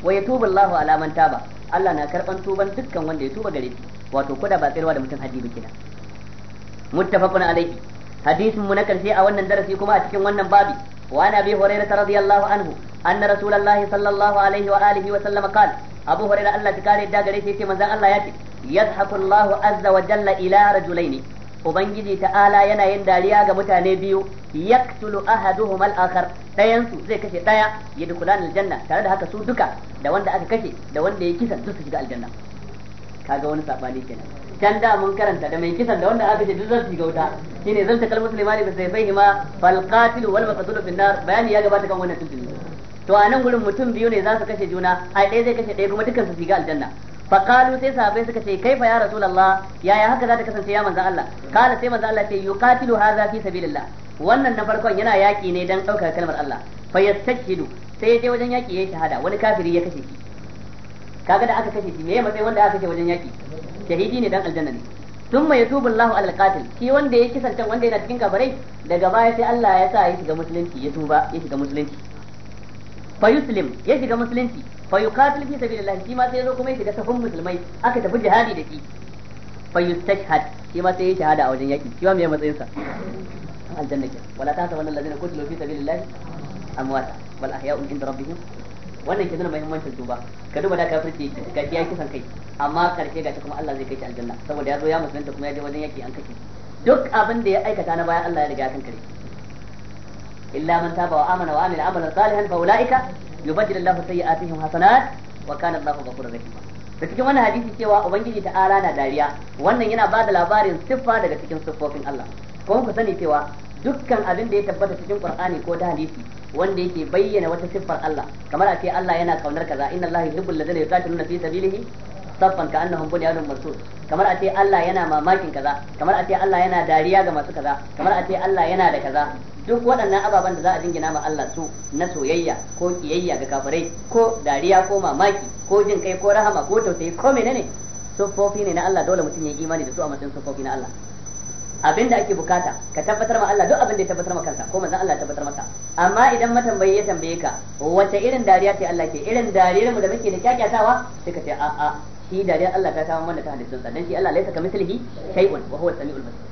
wa yatubu Allahu ala man taba Allah na karban tuban dukkan wanda ya tuba gare shi wato koda ba tsirwa da mutum haji ba kenan muttafaqun alayhi hadisin mu na karshe a wannan darasi kuma a cikin wannan babi wa ana bi hurairah radiyallahu anhu anna rasulullahi sallallahu alaihi wa alihi wa sallama qala abu hurairah Allah ta kare da gare shi yace manzon Allah yace yadhaku Allahu azza wa jalla ila rajulaini ubangiji ta'ala yana yin dariya ga mutane biyu Yak ahaduhuma al-akhar dayan su zai kashe daya ya dukulan aljanna tare da haka su duka da wanda aka kashe da wanda ya kisa duk su shiga aljanna kaga wani sabani kenan can da mun karanta da mai kisan da wanda aka kashe duk zai shiga wuta shine zan takal muslimani bi sayfihi ma fal qatil wal maqtul bayani ya gabata kan wannan tuntuni to a nan gurin mutum biyu ne za su kashe juna ai ɗaya zai kashe ɗaya kuma dukkan su shiga aljanna faqalu sai sahabbai suka ce kaifa ya rasulullah yaya haka za ta kasance ya manzon Allah kala sai manzon Allah ce yuqatilu hadha fi sabilillah wannan na farkon yana yaki ne dan daukar kalmar Allah fa yastakidu sai je wajen yaki yayi shahada wani kafiri ya kashe shi kaga da aka kashe shi me matsayin wanda aka kashe wajen yaki shahidi ne dan aljanna ne thumma yatubu Allahu alal qatil shi wanda ya kisancan wanda yana cikin kabarai? daga baya sai Allah ya sa ya shiga musulunci ya tuba ya shiga musulunci fa yuslim ya shiga musulunci fa yuqatil fi sabilillahi shi ma sai ya zo kuma ya shiga safin musulmai aka tafi jihadi da shi fa yustashhad shi ma sai ya shahada a wajen yaki shi ma me matsayin sa dan aljanna ke wala ta sabanna allazina qutilu fi sabilillahi amwata bal ahya'un inda rabbihim wannan ke nuna muhimmancin tuba ka duba da kafirci ga ya kisan kai amma karshe ga kuma Allah zai kai shi aljanna saboda ya zo ya musulunta kuma ya je wajen yaki an kashe duk abin da ya aikata na baya Allah ya riga ya kankare illa man taba wa amana wa amila amalan salihan fa ulaika yubaddilu Allahu sayyi'atihim hasanat wa kana Allahu ghafurur rahim da cikin wannan hadisi cewa ubangiji ta'ala na dariya wannan yana ba da labarin siffa daga cikin siffofin Allah ko ku sani cewa dukkan abin da ya tabbata cikin Qur'ani ko da hadisi wanda yake bayyana wata siffar Allah kamar a ce Allah yana kaunar kaza inna Allah yuhibbul ladina yuqatiluna fi sabilihi saffan ka annahum bunyanun marsus kamar a ce Allah yana mamakin kaza kamar a ce Allah yana dariya ga masu kaza kamar a ce Allah yana da kaza duk waɗannan ababen da za a jingina ma Allah su na soyayya ko kiyayya ga kafirai ko dariya ko mamaki ko jin kai ko rahama ko tausayi ko menene sufofi ne na Allah dole mutum ya imani da su a matsayin sufofi na Allah abin da ake bukata ka tabbatar ma Allah duk abin da ya tabbatar ma kansa ko manzon Allah ya tabbatar masa amma idan matambayi ya tambaye ka wace irin dariya ce Allah ke irin dariyar mu da muke da kyakyatawa sai ka ce a a shi dariyar Allah ta samu mana ta hadisin sa dan shi Allah laisa kamithlihi shay'un wa huwa samiul basir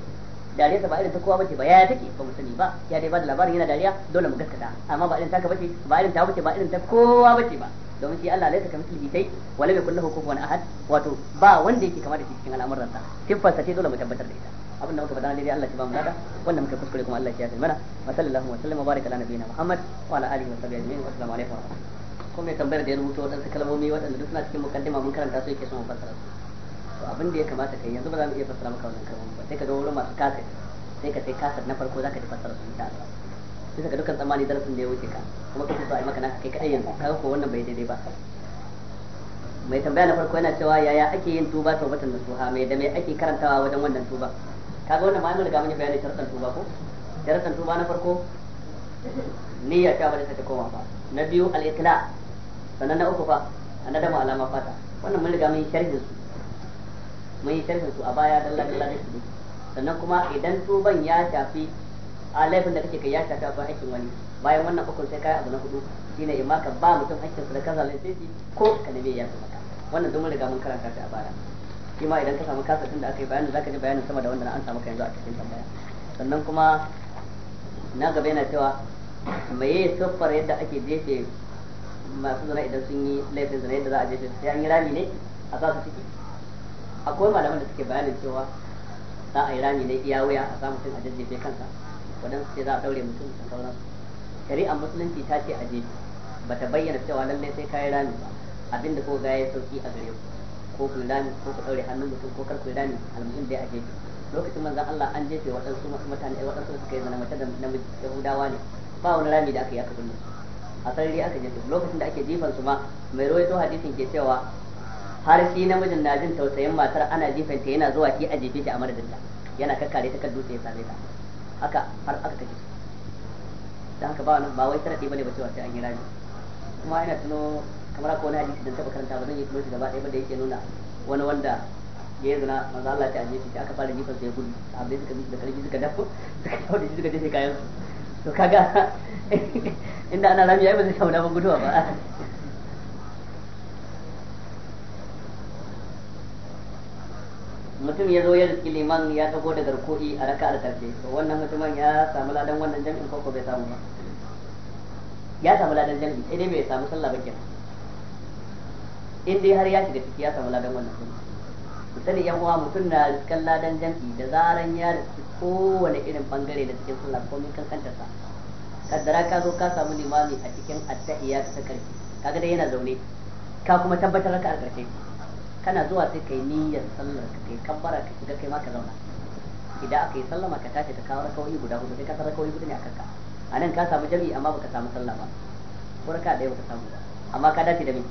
dariyar sa ba irin ta kowa bace ba yaya take ba mu sani ba ya dai ba da labarin yana dariya dole mu gaskata amma ba irin taka bace ba irin ta bace ba irin ta kowa bace ba domin shi Allah laisa kamithlihi shay wa lam yakul lahu kufuwan ahad wato ba wanda yake kama da shi cikin al'amuransa siffarsa ce dole mu tabbatar da ita abinda muka faɗa daidai Allah shi ba mu nada wanda muka kuskure kuma Allah shi ya mana wa sallallahu wa sallama baraka ala nabiyina Muhammad wa ala alihi wa sahbihi ajma'in wa assalamu alaikum ko mai tambayar da ya rubuta waɗansu kalmomi wadanda duk suna cikin mukaddima mun karanta su yake son fassara su to abin da ya kamata kai yanzu ba za mu iya fassara maka wannan kalmomi ba sai ka ga wurin masu kasir sai ka sai kasir na farko zaka ji fassara su insha Allah bisa ga dukkan tsammani darasin da ya wuce ka kuma kake so a yi maka naka kai kadai yanzu kaga ko wannan bai daidai ba mai tambaya na farko yana cewa yaya ake yin tuba tawbatan nasuha mai da mai ake karantawa wajen wannan tuba kaga wannan ma mun ga mun bayani sharuɗan tuba ko sharuɗan tuba na farko niyya ta bari ta koma ba na biyu al-ikhla sannan na uku fa annada ma alama fata wannan mun riga mun sharhi su mun yi sharhin su a baya dalla dalla da shi sannan kuma idan tuban ya shafi a laifin da kake kai ya shafi akan aikin wani bayan wannan uku sai kai abu na hudu shine imma ka ba mutum hakkin sa da kaza laifi ko ka nabi ya maka wannan duk mun riga mun karanta shi a baya shi ma idan ka samu kasafin da aka yi bayanin zaka ji bayanin sama da wanda na an samu ka yanzu a cikin tambaya sannan kuma na gaba yana cewa yi siffar yadda ake jefe masu zina idan sun yi laifin zina yadda za a jefe sai an yi rami ne a sa su ciki akwai malaman da suke bayanin cewa za a yi rami ne iya wuya a samu mutum a jefe kansa waɗansu sai ce za a daure mutum da sauransu shari'a musulunci ta ce a jefe bata bayyana cewa lallai sai kayi rami ba abinda ko ga ya sauki a gare ku ko ku dami ko ku daure hannun mutum ko kar ku rami almuhim dai a jefe lokacin manzon Allah an jefe waɗansu mutane ai waɗansu suka yi zana mace da namiji Yahudawa ne ba wani rami da aka yi aka binne a sarari aka jefe lokacin da ake jifan su ma mai rawaito hadisin ke cewa har shi namijin na jin tausayin matar ana jifan ta yana zuwa shi a jefe shi a madadin ta yana kakkare ta kan dutse ya same ta haka har aka kace dan haka ba ba wai ba bane ba cewa sai an yi rami kuma ina tuno kamar haka wani hadisi da taba karanta ba zan yi kuma shi gaba ɗaya ba da yake nuna wani wanda ya yi zina manzo Allah ta ajiye shi aka fara jifar sai gudu a bai suka da karfi suka dafo suka dawo da shi suka jefe kayan su to kaga *laughs* inda ana rami yayi ba zai samu daman gudu ba mutum ya zo ya riski liman ya tago da garko'i a raka'ar karshe to wannan mutumin ya samu ladan wannan jami'in ko ko bai samu ba ya samu ladan jami'in sai dai bai samu sallah ba kenan in dai har ya shiga ciki ya samu ladan wannan sunna misali sani yan uwa mutum na cikin ladan jam'i da zaran ya riski kowane irin bangare da cikin sallah ko min kankanta sa kaddara ka zo ka samu limami a cikin attahiyya ta karfi kaga dai yana zaune ka kuma tabbatar ka a karshe kana zuwa sai kai niyyar sallar ka kai kabbara ka shiga kai ma ka zauna idan aka yi sallama ka tashi ka kawo rakawoyi guda hudu sai ka san rakawoyi hudu ne a kanka a nan ka samu jami'i amma baka samu sallama ba ko raka ɗaya baka samu ba amma ka dace da me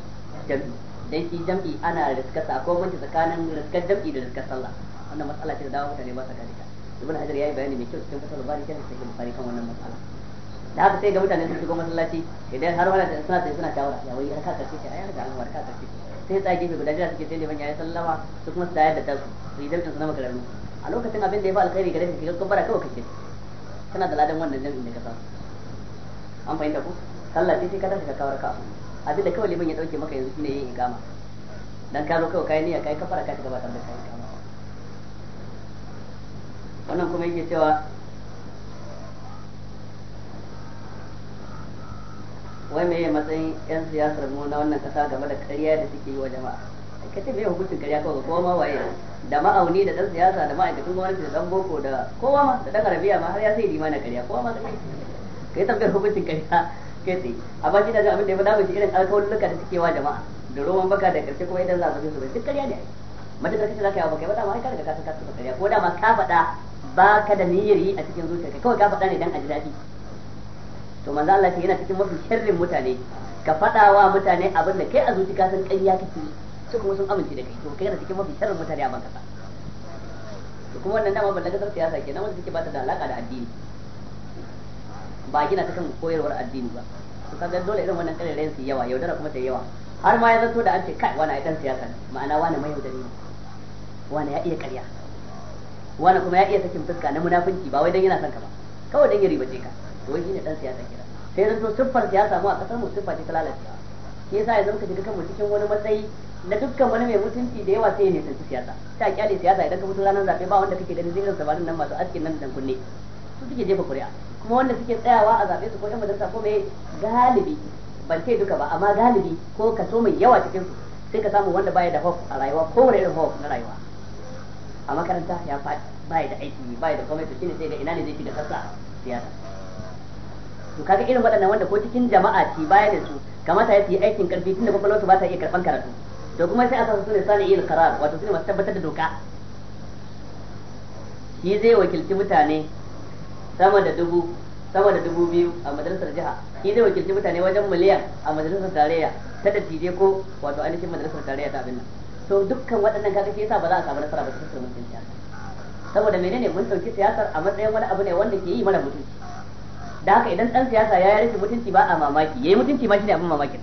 jami'i sai shi jam'i ana riskar sa akwai banci tsakanin riskar jam'i da riskar sallah wannan matsala ce da dawo mutane ba sa gane ta ibn hajar yayi bayani mai kyau cikin fasal bari kan sai cikin bari kan wannan matsala da haka sai ga mutane sun shigo masallaci idan har wani da suna sai suna shawara ya wai har ka karshe ka ayar da an ka karshe sai tsaya gefe guda jira suke sai neman yayi sallama su kuma su tayar da tasu su yi jam'in su na makararru a lokacin abin da ya fi alkhairi gare shi kiga bara kawai kake kana da ladan wannan jam'in da ka samu an fahimta ku sallah sai ka tashi ka kawar ka da kawai liman ya dauke maka yanzu shine yin ikama dan ka zo kawai kai niyya kai kafara ka shiga ba tare da kai igama wannan kuma yake cewa wai me ya matsayin yan siyasar mu na wannan kasa game da kariya da suke yi wa jama'a ka ce me hukuncin kariya kawai kowa ma waye da ma'auni da dan siyasa da ma'aikatan gwamnati da dan boko da kowa ma da dan arabiya ma har ya sai limana kariya kowa ma sai kai tambayar hukuncin kariya. kai tsaye amma shi da abin da ya faɗa ba shi irin alkawalluka da suke wa jama'a da roman baka da karshe kuma idan za su su bai duk ƙarya ne matakar kace za ka yi baka yi ba dama ai ka riga ka san ka taɓa ƙarya ko dama ka faɗa ba ka da niyyar yi a cikin zuciyarka kawai ka faɗa ne dan a ji daɗi to manzo Allah ce yana cikin mafi sharrin mutane ka faɗa wa mutane abin da kai a zuci ka san ƙarya kake su kuma sun amince da kai to kai yana cikin mafi sharrin mutane a bankasa to kuma wannan dama ballaga siyasa kenan wanda take ba ta da alaka da addini ba gina ta kan koyarwar addini ba su kaga dole irin wannan karerayen su yawa yaudara kuma ta yawa har ma ya zato da an ce kai wani aidan siyasa ma'ana wani mai yaudari ne wani ya iya karya wani kuma ya iya sakin fuska na munafunci ba wai dan yana son ka ba kawai dan ya ribace ka to wai shine dan siyasa kira sai zan to siffar siyasa mu a kasar mu siffa ce ta lalacewa shi yasa zama ka shiga kanmu cikin wani matsayi na dukkan wani mai mutunci da yawa sai ya nisanci siyasa ta kyale siyasa idan ka mutu ranar zaɓe ba wanda kake ganin zirin sabanin nan masu askin nan dan kunne su suke jefa kuri'a. kuma wanda suke tsayawa a zaɓe su ko yan majalisa ko mai galibi ban ce duka ba amma galibi ko kaso mai yawa cikin su sai ka samu wanda baya da hof a rayuwa ko wani irin hof na rayuwa a makaranta ya faɗi baya da aiki baya da komai to shine sai ga ina ne zai shiga sassa siyasa to kaga irin waɗannan wanda ko cikin jama'a ci baya da su kamata ya yi aikin karfi tunda kwakwalwarsu ba ta iya karɓan karatu to kuma sai a sa su ne sani yin karar wato su ne masu tabbatar da doka shi zai wakilci mutane sama da dubu sama da dubu biyu a madrasar jiha shi zai wakilci mutane wajen miliyan a madrasar tarayya ta dattijai ko wato ainihin madrasar tarayya ta abin nan to dukkan waɗannan kaga shi yasa ba za a samu nasara ba ta tattalin mulkin siyasa saboda menene mun ɗauki siyasar a matsayin wani abu ne wanda ke yi mara mutunci da haka idan ɗan siyasa ya yi rashin mutunci ba a mamaki yayi mutunci ma shine abin mamakin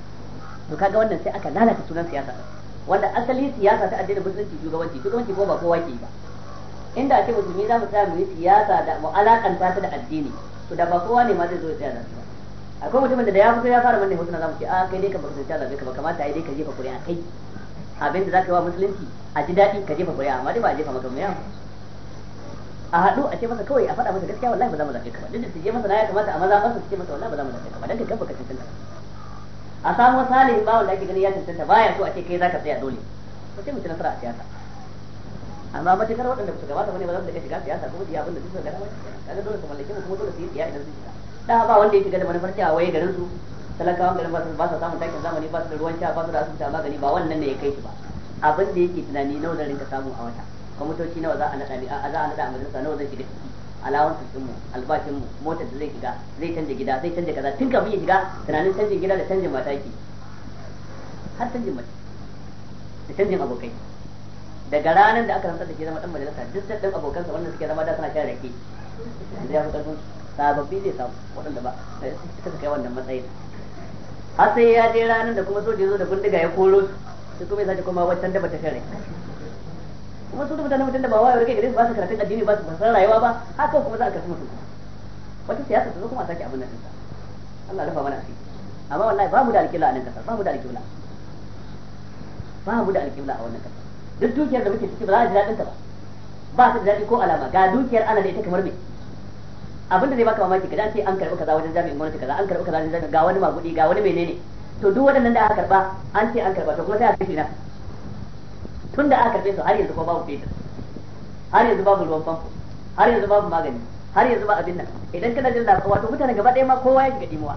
to kaga wannan sai aka lalata sunan siyasa wanda asali siyasa ta addinin musulunci shugabanci shugabanci ko ba kowa ke yi ba inda ake musulmi za mu tsaya mu yi siyasa da mu alakanta ta da addini to da ba kowa ne ma zai zo ya tsaya da su akwai mutumin da da ya fito ya fara manne hotuna mu ce a ah, kai dai ka baka tsaya da ka ba kamata ai dai ka jefa kuri'a kai abinda zaka yi wa musulunci a ji daɗi ka jefa kuri'a amma dai ba a jefa maka mai a haɗu a ce masa kawai a faɗa masa gaskiya wallahi ba za mu zaɓe ka ba duk da su je masa na ya kamata a maza masa su ce masa wallahi ba za mu zaɓe ka ba dan kai ka tantance a samu salihin ba wanda ake gani ya tantance baya so a ce kai zaka tsaya dole ko sai mutum nasara a siyasa amma matakar waɗanda su gabata wani ba za su daga shiga siyasa kuma siya abinda suka gada kaga dole su mallake mu kuma dole su yi siya idan su shiga da ba wanda ya shiga da manufar cewa waye garin su talakawa garin ba su samun takin zamani ba su da ruwan sha ba su da asibiti magani ba wannan ne ya kai shi ba abin da yake tunani nawa zan rinka samu a wata kwamitoci nawa za a naɗa ni a za a naɗa a majalisa nawa zan shiga ciki mu albashin albashinmu motar da zai shiga zai canja gida zai canja kaza tun kafin ya shiga tunanin canjin gida da canjin mataki har canjin mataki da canjin abokai daga ranar da aka rantsar da ke zama dan majalisa duk da dan abokansa wanda suke zama da suna shan rake yanzu ya fi karfin sababbi zai samu waɗanda ba suka kai wannan matsayin har sai ya je ranar da kuma soja zo da bindiga ya koro su kuma ya sace kuma wancan da bata shan rake kuma su mutanen mutum da ba wayar rake gare su ba su karatun addini ba su san rayuwa ba haka kuma za a karɓi mutum wata siyasa ta zo kuma a sake abin nan ɗinsa Allah rufa mana asiri amma wallahi mu da alƙibla a nan ƙasar mu da alƙibla mu da alƙibla a wannan ƙasar duk dukiyar da muke ciki ba za a ji daɗin ta ba ba ta da daɗi ko alama ga dukiyar ana da ita kamar me abin da zai baka mamaki ga ce an karɓi kaza wajen jami'in gwamnati kaza an karɓi kaza wajen jami'in ga wani magudi ga wani menene to duk waɗannan da aka karɓa an ce an karɓa to kuma sai a kashe na tun da aka karɓe su har yanzu ko babu fetur har yanzu babu ruwan famfo har yanzu babu magani har yanzu ba abin nan idan kana jin labarai wato mutane gaba ɗaya ma kowa ya shiga dimuwa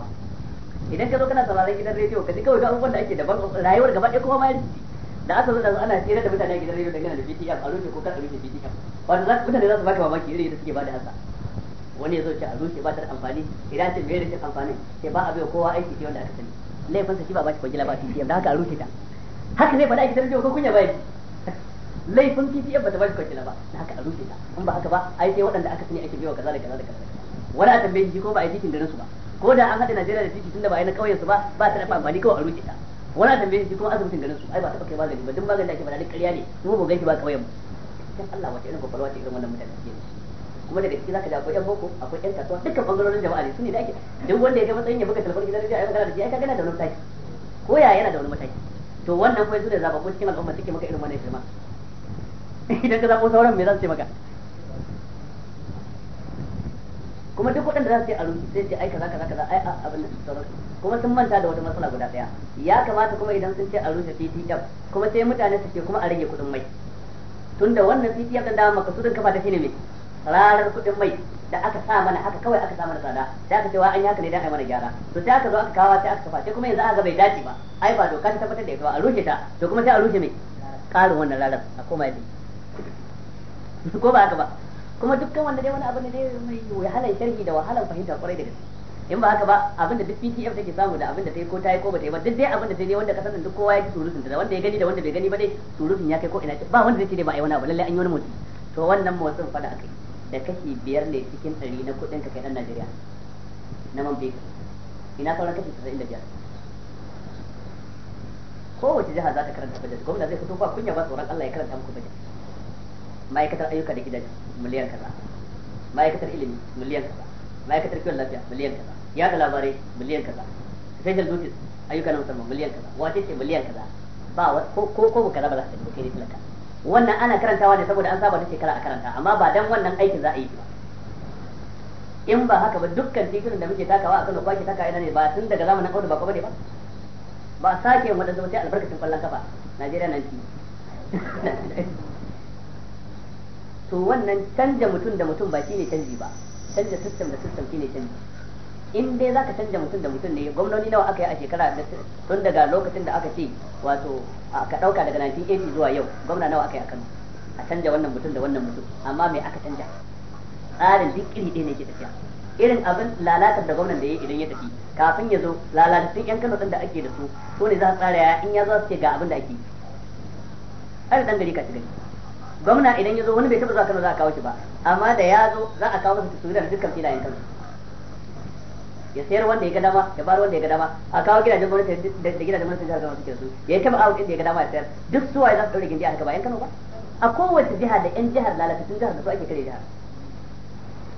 idan ka zo kana sauraron gidan rediyo ka ji kawai ga abubuwan da ake daban rayuwar gaba ɗaya kowa ma ya rikici da aka zo da ana tsere da mutane a gidan rediyo dangane da BTF a rufe ko kar a rufe BTF wato za mutane za su baka mamaki irin yadda suke bada hasa wani ya zo ce a rufe ba ta da amfani idan ce mai rashin amfani sai ba a kowa aiki ce wanda aka sani laifinsa shi ba ba shi kwangila ba PTF da haka a rufe ta haka ne faɗa a gidan rediyo ko kunya ba *laughs* laifin PTF ba ta ba shi kwangila ba da haka a rufe ta in ba haka ba ai sai waɗanda aka sani ake biyo kaza da kaza da kaza wani a tambaye shi ko ba a yi titin da nasu ba ko da an haɗa Najeriya da titi tunda ba a yi na ƙauyen ba ba ta da amfani kawai a rufe ta wani tambaye shi kuma asibitin garin su ai ba taɓa kai magani ba duk magani da ake faɗa duk ƙarya ne mu ba gaishe ba kauyen mu dan Allah wace irin kwakwalwa ce irin wannan mutane suke da shi kuma daga ciki zaka ji akwai yan boko akwai yan kasuwa dukkan bangarorin jama'a ne su ne da ake duk wanda ya ga matsayin ya buga telefon gidan rediyo ai magana da shi ai kaga yana da wani mataki ko ya yana da wani mataki to wannan kuma yanzu da zababbu cikin al'umma suke maka irin wannan shirma *laughs* idan ka zabo sauran me za su ce maka kuma duk waɗanda za su yi a rubuce sai ce ai kaza kaza kaza ai abin da su sauransu kuma sun manta da wata matsala guda daya ya kamata kuma idan sun ce a rushe CTF kuma sai mutane su ce kuma a rage kuɗin mai tunda wannan PTF din da makasudin kafa ta shine mai rarar kuɗin mai da aka sa mana haka kawai aka sa mana tsada sai aka cewa an yi haka ne dan ai mana gyara to sai aka zo aka kawo sai aka kafa sai kuma yanzu aka ga bai dace ba ai ba doka ta tabbatar da ita ba a rushe ta to kuma sai a rushe mai karin wannan rarar a koma yadda *laughs* ko ba haka ba kuma dukkan wanda dai wani abu ne dai mai wahalar sharhi da wahalar fahimta kwarai da gaske in ba haka ba abinda duk PTF take samu da abinda ta yi ko ta yi ko ba ta yi ba duk dai abinda ta yi wanda ka sanin duk kowa ya ji surutun da wanda ya gani da wanda bai gani ba dai surutun ya kai ko ina ba wanda zai ce dai ba a yi wani abu lallai an yi wani motsi to wannan motsin fada akai da kashi biyar ne cikin ɗari na kuɗin ka kai ɗan Najeriya na man bai ina sauran kashi casa'in da biyar kowace jiha za ta karanta bajet gwamna zai fito ba kunya ba tsoron Allah ya karanta muku bajet ma'aikatar ayyuka da gidaje miliyan kaza ma'aikatar ilimi miliyan kaza ma'aikatar kiwon lafiya miliyan kaza ya ga labarai miliyan kaza special duties ayyuka na musamman miliyan kaza wace ce miliyan kaza ba ko ko ko kaza ba za ta kai ne talaka wannan ana karantawa ne saboda an saba da shekara a karanta amma ba dan wannan aikin za a yi ba in ba haka ba dukkan titunan da muke takawa a Kano kwaki taka ina ne ba tun daga zamanin Audu ba ko bane ba ba sake mu da zama sai albarkacin kwallon kafa Najeriya nan *laughs* to wannan canja mutum da mutum ba shine canji ba canja system da system shine canji in dai zaka canja mutum da mutum ne gwamnoni nawa aka yi a shekara tun daga lokacin da aka ce wato ka dauka daga 1980 zuwa yau gwamna nawa aka yi a Kano a canja wannan mutum da wannan mutum amma me aka canja tsarin duk iri ɗaya ne ke tafiya irin abin lalatar da gwamnan da ya idan ya tafi kafin ya zo lalatattun yan Kano din da ake da su to ne za su tsara ya in ya zo su ce ga abin da ake yi har dan gari ka ci gari gwamna idan ya zo wani bai taba zuwa Kano za a kawo shi ba amma da ya zo za a kawo masa da dukkan filayen Kano ya sayar wanda ya ga dama ya bar wanda ya ga dama a kawo gidajen gwamnati da gidajen gwamnati da jihar suke su ya yi kama out inda ya ga dama ya sayar duk su waye za su daure gindi a haka ba Kano ba a kowace jiha da yan jihar lalatattun jihar da su ake kare jihar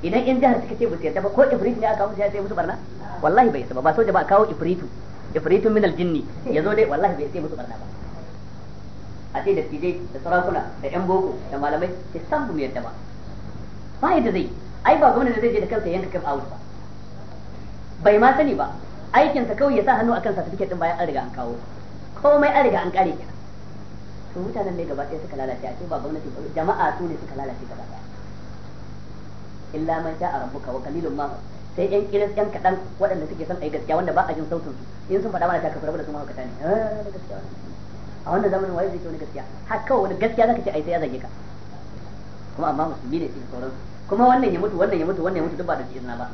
idan yan jihar suka ce ba su yarda ba ko ifrit ne aka musu ya sai musu barna wallahi bai ba ba soja ba kawo ifritu ifritun min aljinni zo dai wallahi bai sai musu barna ba a ce da tijai da sarakuna da yan boko da malamai sai san bu mu yarda ba ba yadda zai ai ba gwamnati zai je da kansa yanka kan out ba bai ma sani ba aikinsa kawai ya sa hannu akan certificate din bayan an riga an kawo komai an riga an kare kenan to mutanen ne gaba ɗaya suka lalace a ce ba gwamnati ba jama'a su ne suka lalace gaba ɗaya illa man sha'a rabbuka wa qalilun ma sai yan kiris yan kadan waɗanda suke son ai gaskiya wanda ba a jin sautin su in sun faɗa mana ta kafara da su ma haka tani ah, a wannan zamanin waye zai ce wani gaskiya har kawai wani gaskiya zaka ce ai sai ya zage ka kuma amma musulmi ne sai sauran kuma wannan ya mutu wannan ya mutu wannan ya mutu duk ba da izina ba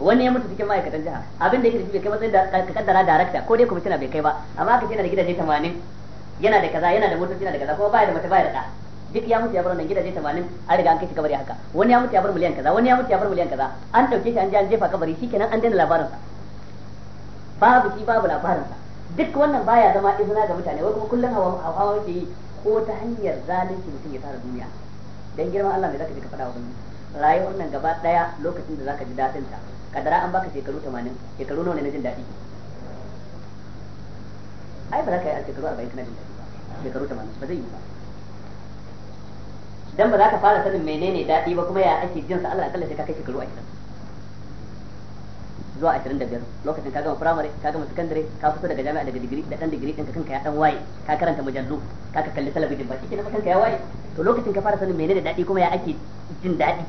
wani ya mutu cikin ma'aikatan jiha abin da yake da shi bai kai matsayin da ka kaddara darakta ko dai kwamishina bai kai ba amma aka ce yana da gidaje tamanin yana da kaza yana da motoci yana da kaza kuma baya da mace baya da ɗa duk ya mutu ya bar wannan gidaje 80 an riga an kai shi kabari haka wani ya mutu ya bar miliyan kaza wani ya mutu ya bar miliyan kaza an dauke shi an je an jefa kabari shikenan an daina labarin sa babu shi babu labarin sa duk wannan baya zama izina ga mutane wai kuma kullun hawa hawa yake yi ko ta hanyar zalunci mutum ya tara duniya dan girman Allah me zaka ji ka fada wa rayuwar nan gaba daya lokacin da zaka ji dadin ta kadara an baka shekaru 80 shekaru nawa ne na jin daɗi ai ba za ka yi a shekaru 40 kana jin dadi ba shekaru 80 ba zai yi ba dan ba za ka fara sanin menene daɗi ba kuma ya ake jin sa Allah akalla sai ka kai shekaru 20 zuwa 25 lokacin ka gama primary ka gama secondary ka fito daga jami'a daga digiri da dan digiri ɗinka kanka ya dan waye ka karanta mujallu ka ka kalli talabijin ba shi ne kanka ya waye to lokacin ka fara sanin menene daɗi kuma ya ake jin daɗi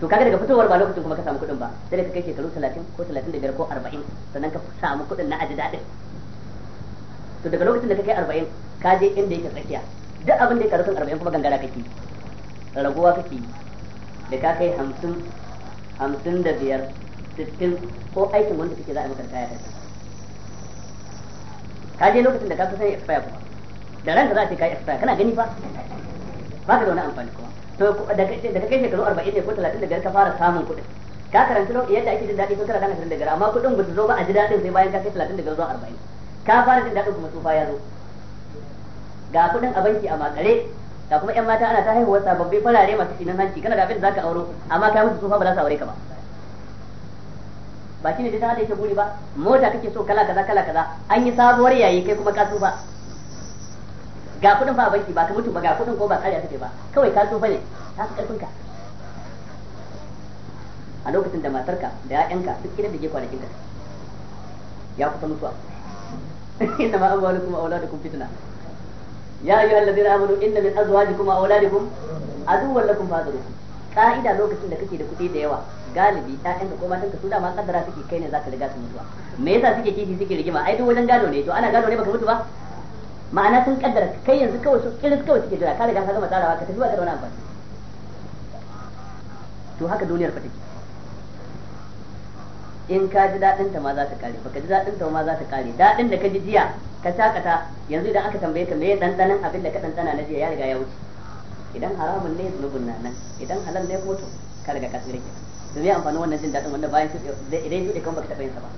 to kaga daga fitowar ba lokacin kuma ka samu kuɗin ba sai da ka kai shekaru 30 ko 35 ko 40 sannan ka samu kuɗin na aji daɗin to daga lokacin da ka kai 40 ka je inda yake tsakiya duk abin da ya karu kan 40 kuma gangara kake raguwa kake da ka kai 50 55 sittin ko aikin wanda kake za a maka kaya ka je lokacin da ka kusan expire kuma da ranka za a ce ka expire kana gani fa ba ka da wani amfani kuma to daga kai shekaru arba'in ne ko talatin da biyar ka fara samun kuɗi ka karanci lokacin yadda ake jin daɗi ko kana dan ashirin amma kuɗin ba su zo ba a ji daɗin sai bayan ka kai talatin da biyar zuwa arba'in ka fara jin daɗin kuma tsufa ya zo ga kuɗin a banki a makare ga kuma yan mata ana ta haihuwar sababbi farare masu cinin hanci kana da abin da zaka auro amma ka musu tsufa ba za su aure ka ba ba shine da ta hada yake buri ba mota kake so kala kaza kala kaza an yi sabuwar yayi kai kuma ka tsufa ga kudin ba banki ba ka mutu ba ga kudin ko ba kariya kake ba kawai ka tsufa ne ta su karfinka a lokacin da matarka da ya'yanka duk gidan da ke kwanakin ka ya kusa mutuwa *laughs* inna ma amwalukum wa auladukum fitna ya ayyuhal ladina amanu inna min azwajikum wa auladikum aduwwan lakum fahdaruhum ka'ida lokacin da kake da kuɗi da yawa galibi ɗayanka ko matanka su dama kaddara suke kai ne zaka riga su mutuwa me yasa suke kishi suke rigima ai duk wajen gado ne to ana gado ne baka mutu ba ma'ana sun kaddara kai yanzu kawai su kirin kawai suke jira ka riga ka gama tsarawa ka tafi ba da wani amfani to haka duniyar fa take in ka ji daɗin ta ma za ta kare baka ji daɗin ta ma za ta kare daɗin da ka ji jiya ka shakata yanzu idan aka tambaye ka meye dandanan abin da ka dandana na jiya ya riga ya wuce idan haramun ne zunubin na nan idan halal ne hoto ka riga ka tsire ki to me amfanin wannan jin daɗin wanda bayan shi idan shi da kan baka taɓa yin sa ba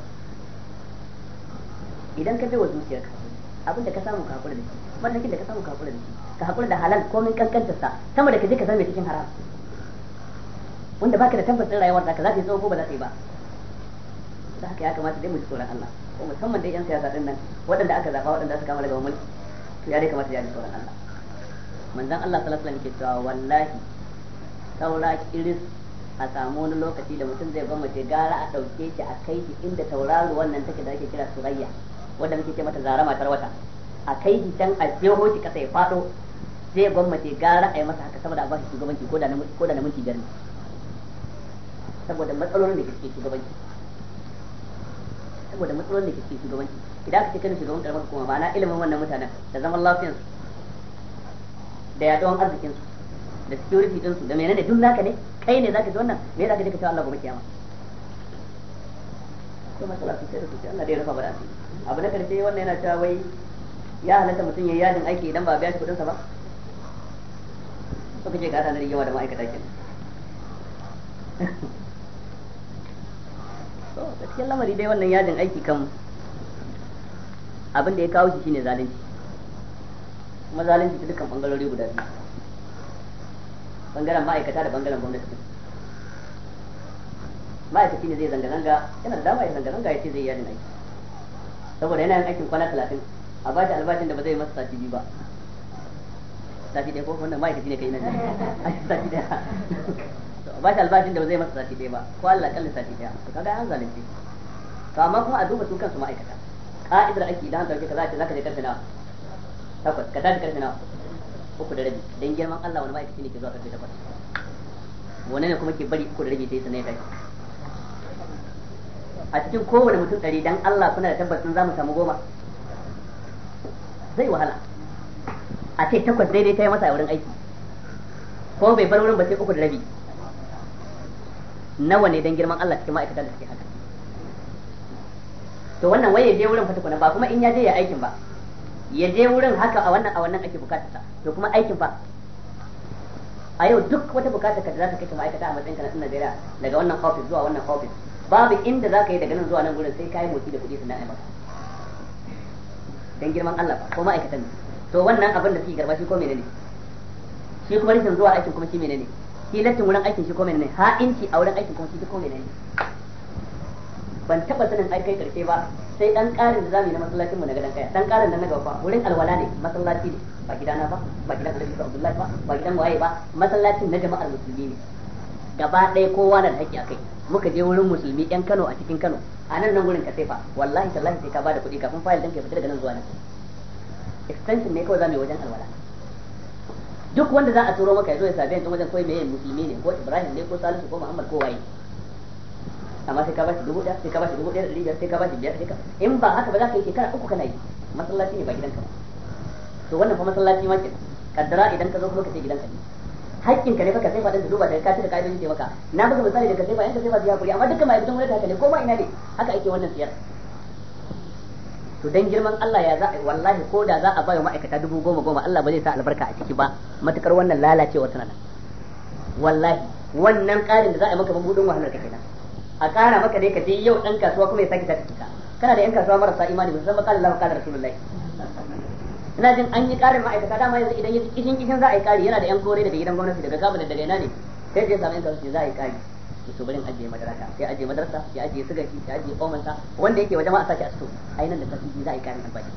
idan ka bi wa zuciyarka abin da ka samu ka hakura da shi mallakin da ka samu ka hakura da shi ka hakura da halal komai kankantar sa sama da ka je ka zame cikin haram wanda baka da tabbacin rayuwar ka za ta yi tsawo ko ba za ta yi ba da haka ya kamata dai mu ji tsoron Allah ko musamman dai yan siyasa din nan waɗanda aka zaba waɗanda suka kama daga mulki to ya dai kamata ya ji tsoron Allah manzon Allah sallallahu alaihi wasallam ke cewa wallahi taura kiris a samu wani lokaci da mutum zai gwamnati gara a ɗauke shi a kai shi inda tauraro wannan take da ake kira surayya wanda muke ce mata zara matar wata a kai shi can a jeho shi kasa ya fado sai gwamnati gara a yi masa haka saboda a ba shi shugabanci ko da namiji ko da ne saboda matsalolin da ke shugabanci saboda matsalolin da ke shugabanci idan aka ce kana shugaban karamar kuma ba na ilimin wannan mutanen da zaman lafiyar da yaduwan arzikin su da security din su da menene duk naka ne kai ne zaka ji wannan me zaka ji ka ce Allah gobe kiyama to matsala su sai da Allah dai rafa ba da abu na karshe wannan yana cewa wai ya halatta mutum ya yajin aiki idan ba biya shi kudinsa ba suka ce ka na rigewa da ma'aikata kenan *laughs* to cikin lamari dai wannan yajin aiki kan abin da ya kawo shi shine zalunci kuma zalunci ta dukkan bangarori guda biyu bangaren ma'aikata da bangaren gwamnati ma'aikaci ne zai zanga-zanga yana da dama ya zanga-zanga ya ce zai yi yajin aiki saboda yana yin aikin kwana talatin a ba shi albashin da ba zai masa sati biyu ba sati ɗaya ko wannan ma'aikaci ne kai nan *laughs* sati ɗaya ba shi albashin da ba zai masa sati ɗaya ba ko Allah kalli sati ɗaya to kaga an zalunci to amma kuma a duba su kansu ma'aikata ka'idar aiki idan ka ka za ka zaka je karfe nawa takwas ka tashi karfe nawa uku da rabi dan girman Allah wani ma'aikaci ne ke zuwa karfe takwas wani ne kuma ke bari uku da rabi sai sanai tashi a cikin kowane mutum ɗari dan Allah kuna da tabbacin za mu samu goma zai wahala a ce takwas daidai ta yi masa a wurin aiki ko bai bar wurin ba sai uku da rabi nawa ne dan girman Allah cikin ma'aikatan da suke haka to wannan waye je wurin fata ba kuma in ya je ya aikin ba ya je wurin haka a wannan a wannan ake bukatarsa to kuma aikin fa a yau duk wata bukatar ka da za ta kai ma'aikata a matsayin ka na Najeriya daga wannan office zuwa wannan office babu inda za ka yi daga nan zuwa nan gurin sai ka yi motsi da kuɗi sannan na maka don girman Allah ko ma'aikatan ne to wannan abin da suke karba shi ko menene shi kuma rashin zuwa aikin kuma shi menene shi lattin wurin aikin shi ko menene ha inci a wurin aikin kuma shi ko menene ban taba sanin ai kai karshe ba sai dan karin da zamu yi na masallacin mu na gadan kaya dan karin da na gaba wurin alwala ne masallaci ne ba gidana ba ba gidan Alhaji Abdullahi ba ba gidan waye ba masallacin na jama'ar musulmi ne gaba ɗaya kowa na da haƙƙi kai muka je wurin musulmi yan Kano a cikin Kano a nan nan gurin ka sai fa wallahi tallahi sai ka bada kuɗi kafin fayil ɗinka ya fita daga nan zuwa nan extension ne kawai za mu yi wajen alwala duk wanda za a turo maka ya zo ya sabe ni wajen kawai meye musulmi ne ko Ibrahim ne ko Salisu ko Muhammad ko waye amma sai ka bashi dubu ɗaya sai ka bashi dubu ɗaya da biyar sai ka bashi biyar sai ka in ba haka ba za ka yi shekara uku kana yi masallaci ne ba gidanka ba to wannan fa masallaci ma ke kaddara idan ka zo kuma ka ce gidanka ne Hakkin ka ne baka sai faɗin da duba da ka tada kaidon yake maka na buga misali da ka sai bayan ka sai ba ya kuri amma dukkan ma'aikatan gwamnati haka ne ko ma ina ne haka ake wannan siyar to dan girman Allah ya za wallahi ko da za a bayo ma'aikata dubu goma goma Allah ba zai sa albarka a ciki ba matukar wannan lalacewar tana nan wallahi wannan ƙarin da za a yi maka mabudin wahalar ka kenan a ƙara maka dai ka je yau ɗan kasuwa kuma ya sake ta cika kana da 'yan kasuwa marasa imani musamman kala Allah kala Rasulullahi ina jin an yi karin ma'aikata dama yanzu idan yanzu kishin kishin za a yi kari yana da yan kore daga gidan gwamnati daga gabanin daga ina ne sai je samun yan za a yi kari to so barin ajiye madarasa sai ajiye madarasa sai ajiye sigashi sai ajiye komanta wanda yake wajen ma a sake a sto ai nan da kasu za a yi karin albashi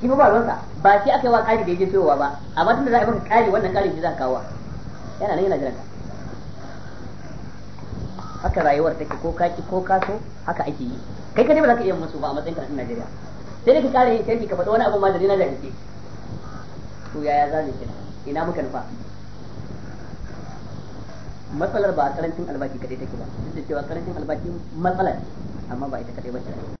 shi ba ruwansa ba shi aka yi wa kari da yake soyowa ba amma tunda za a yi maka kari wannan karin shi za a kawo yana nan yana jiran ka haka rayuwar take ko kaki ko kaso haka ake yi kai kadai ba za ka iya musu ba a matsayin karatun Najeriya sai da ka kare yin sharhi ka faɗo wani abu ma da na jahilce to yaya za mu ina muka nufa matsalar ba karancin albaki kadai take ba duk da cewa karancin albashi matsala amma ba ita kadai ba ce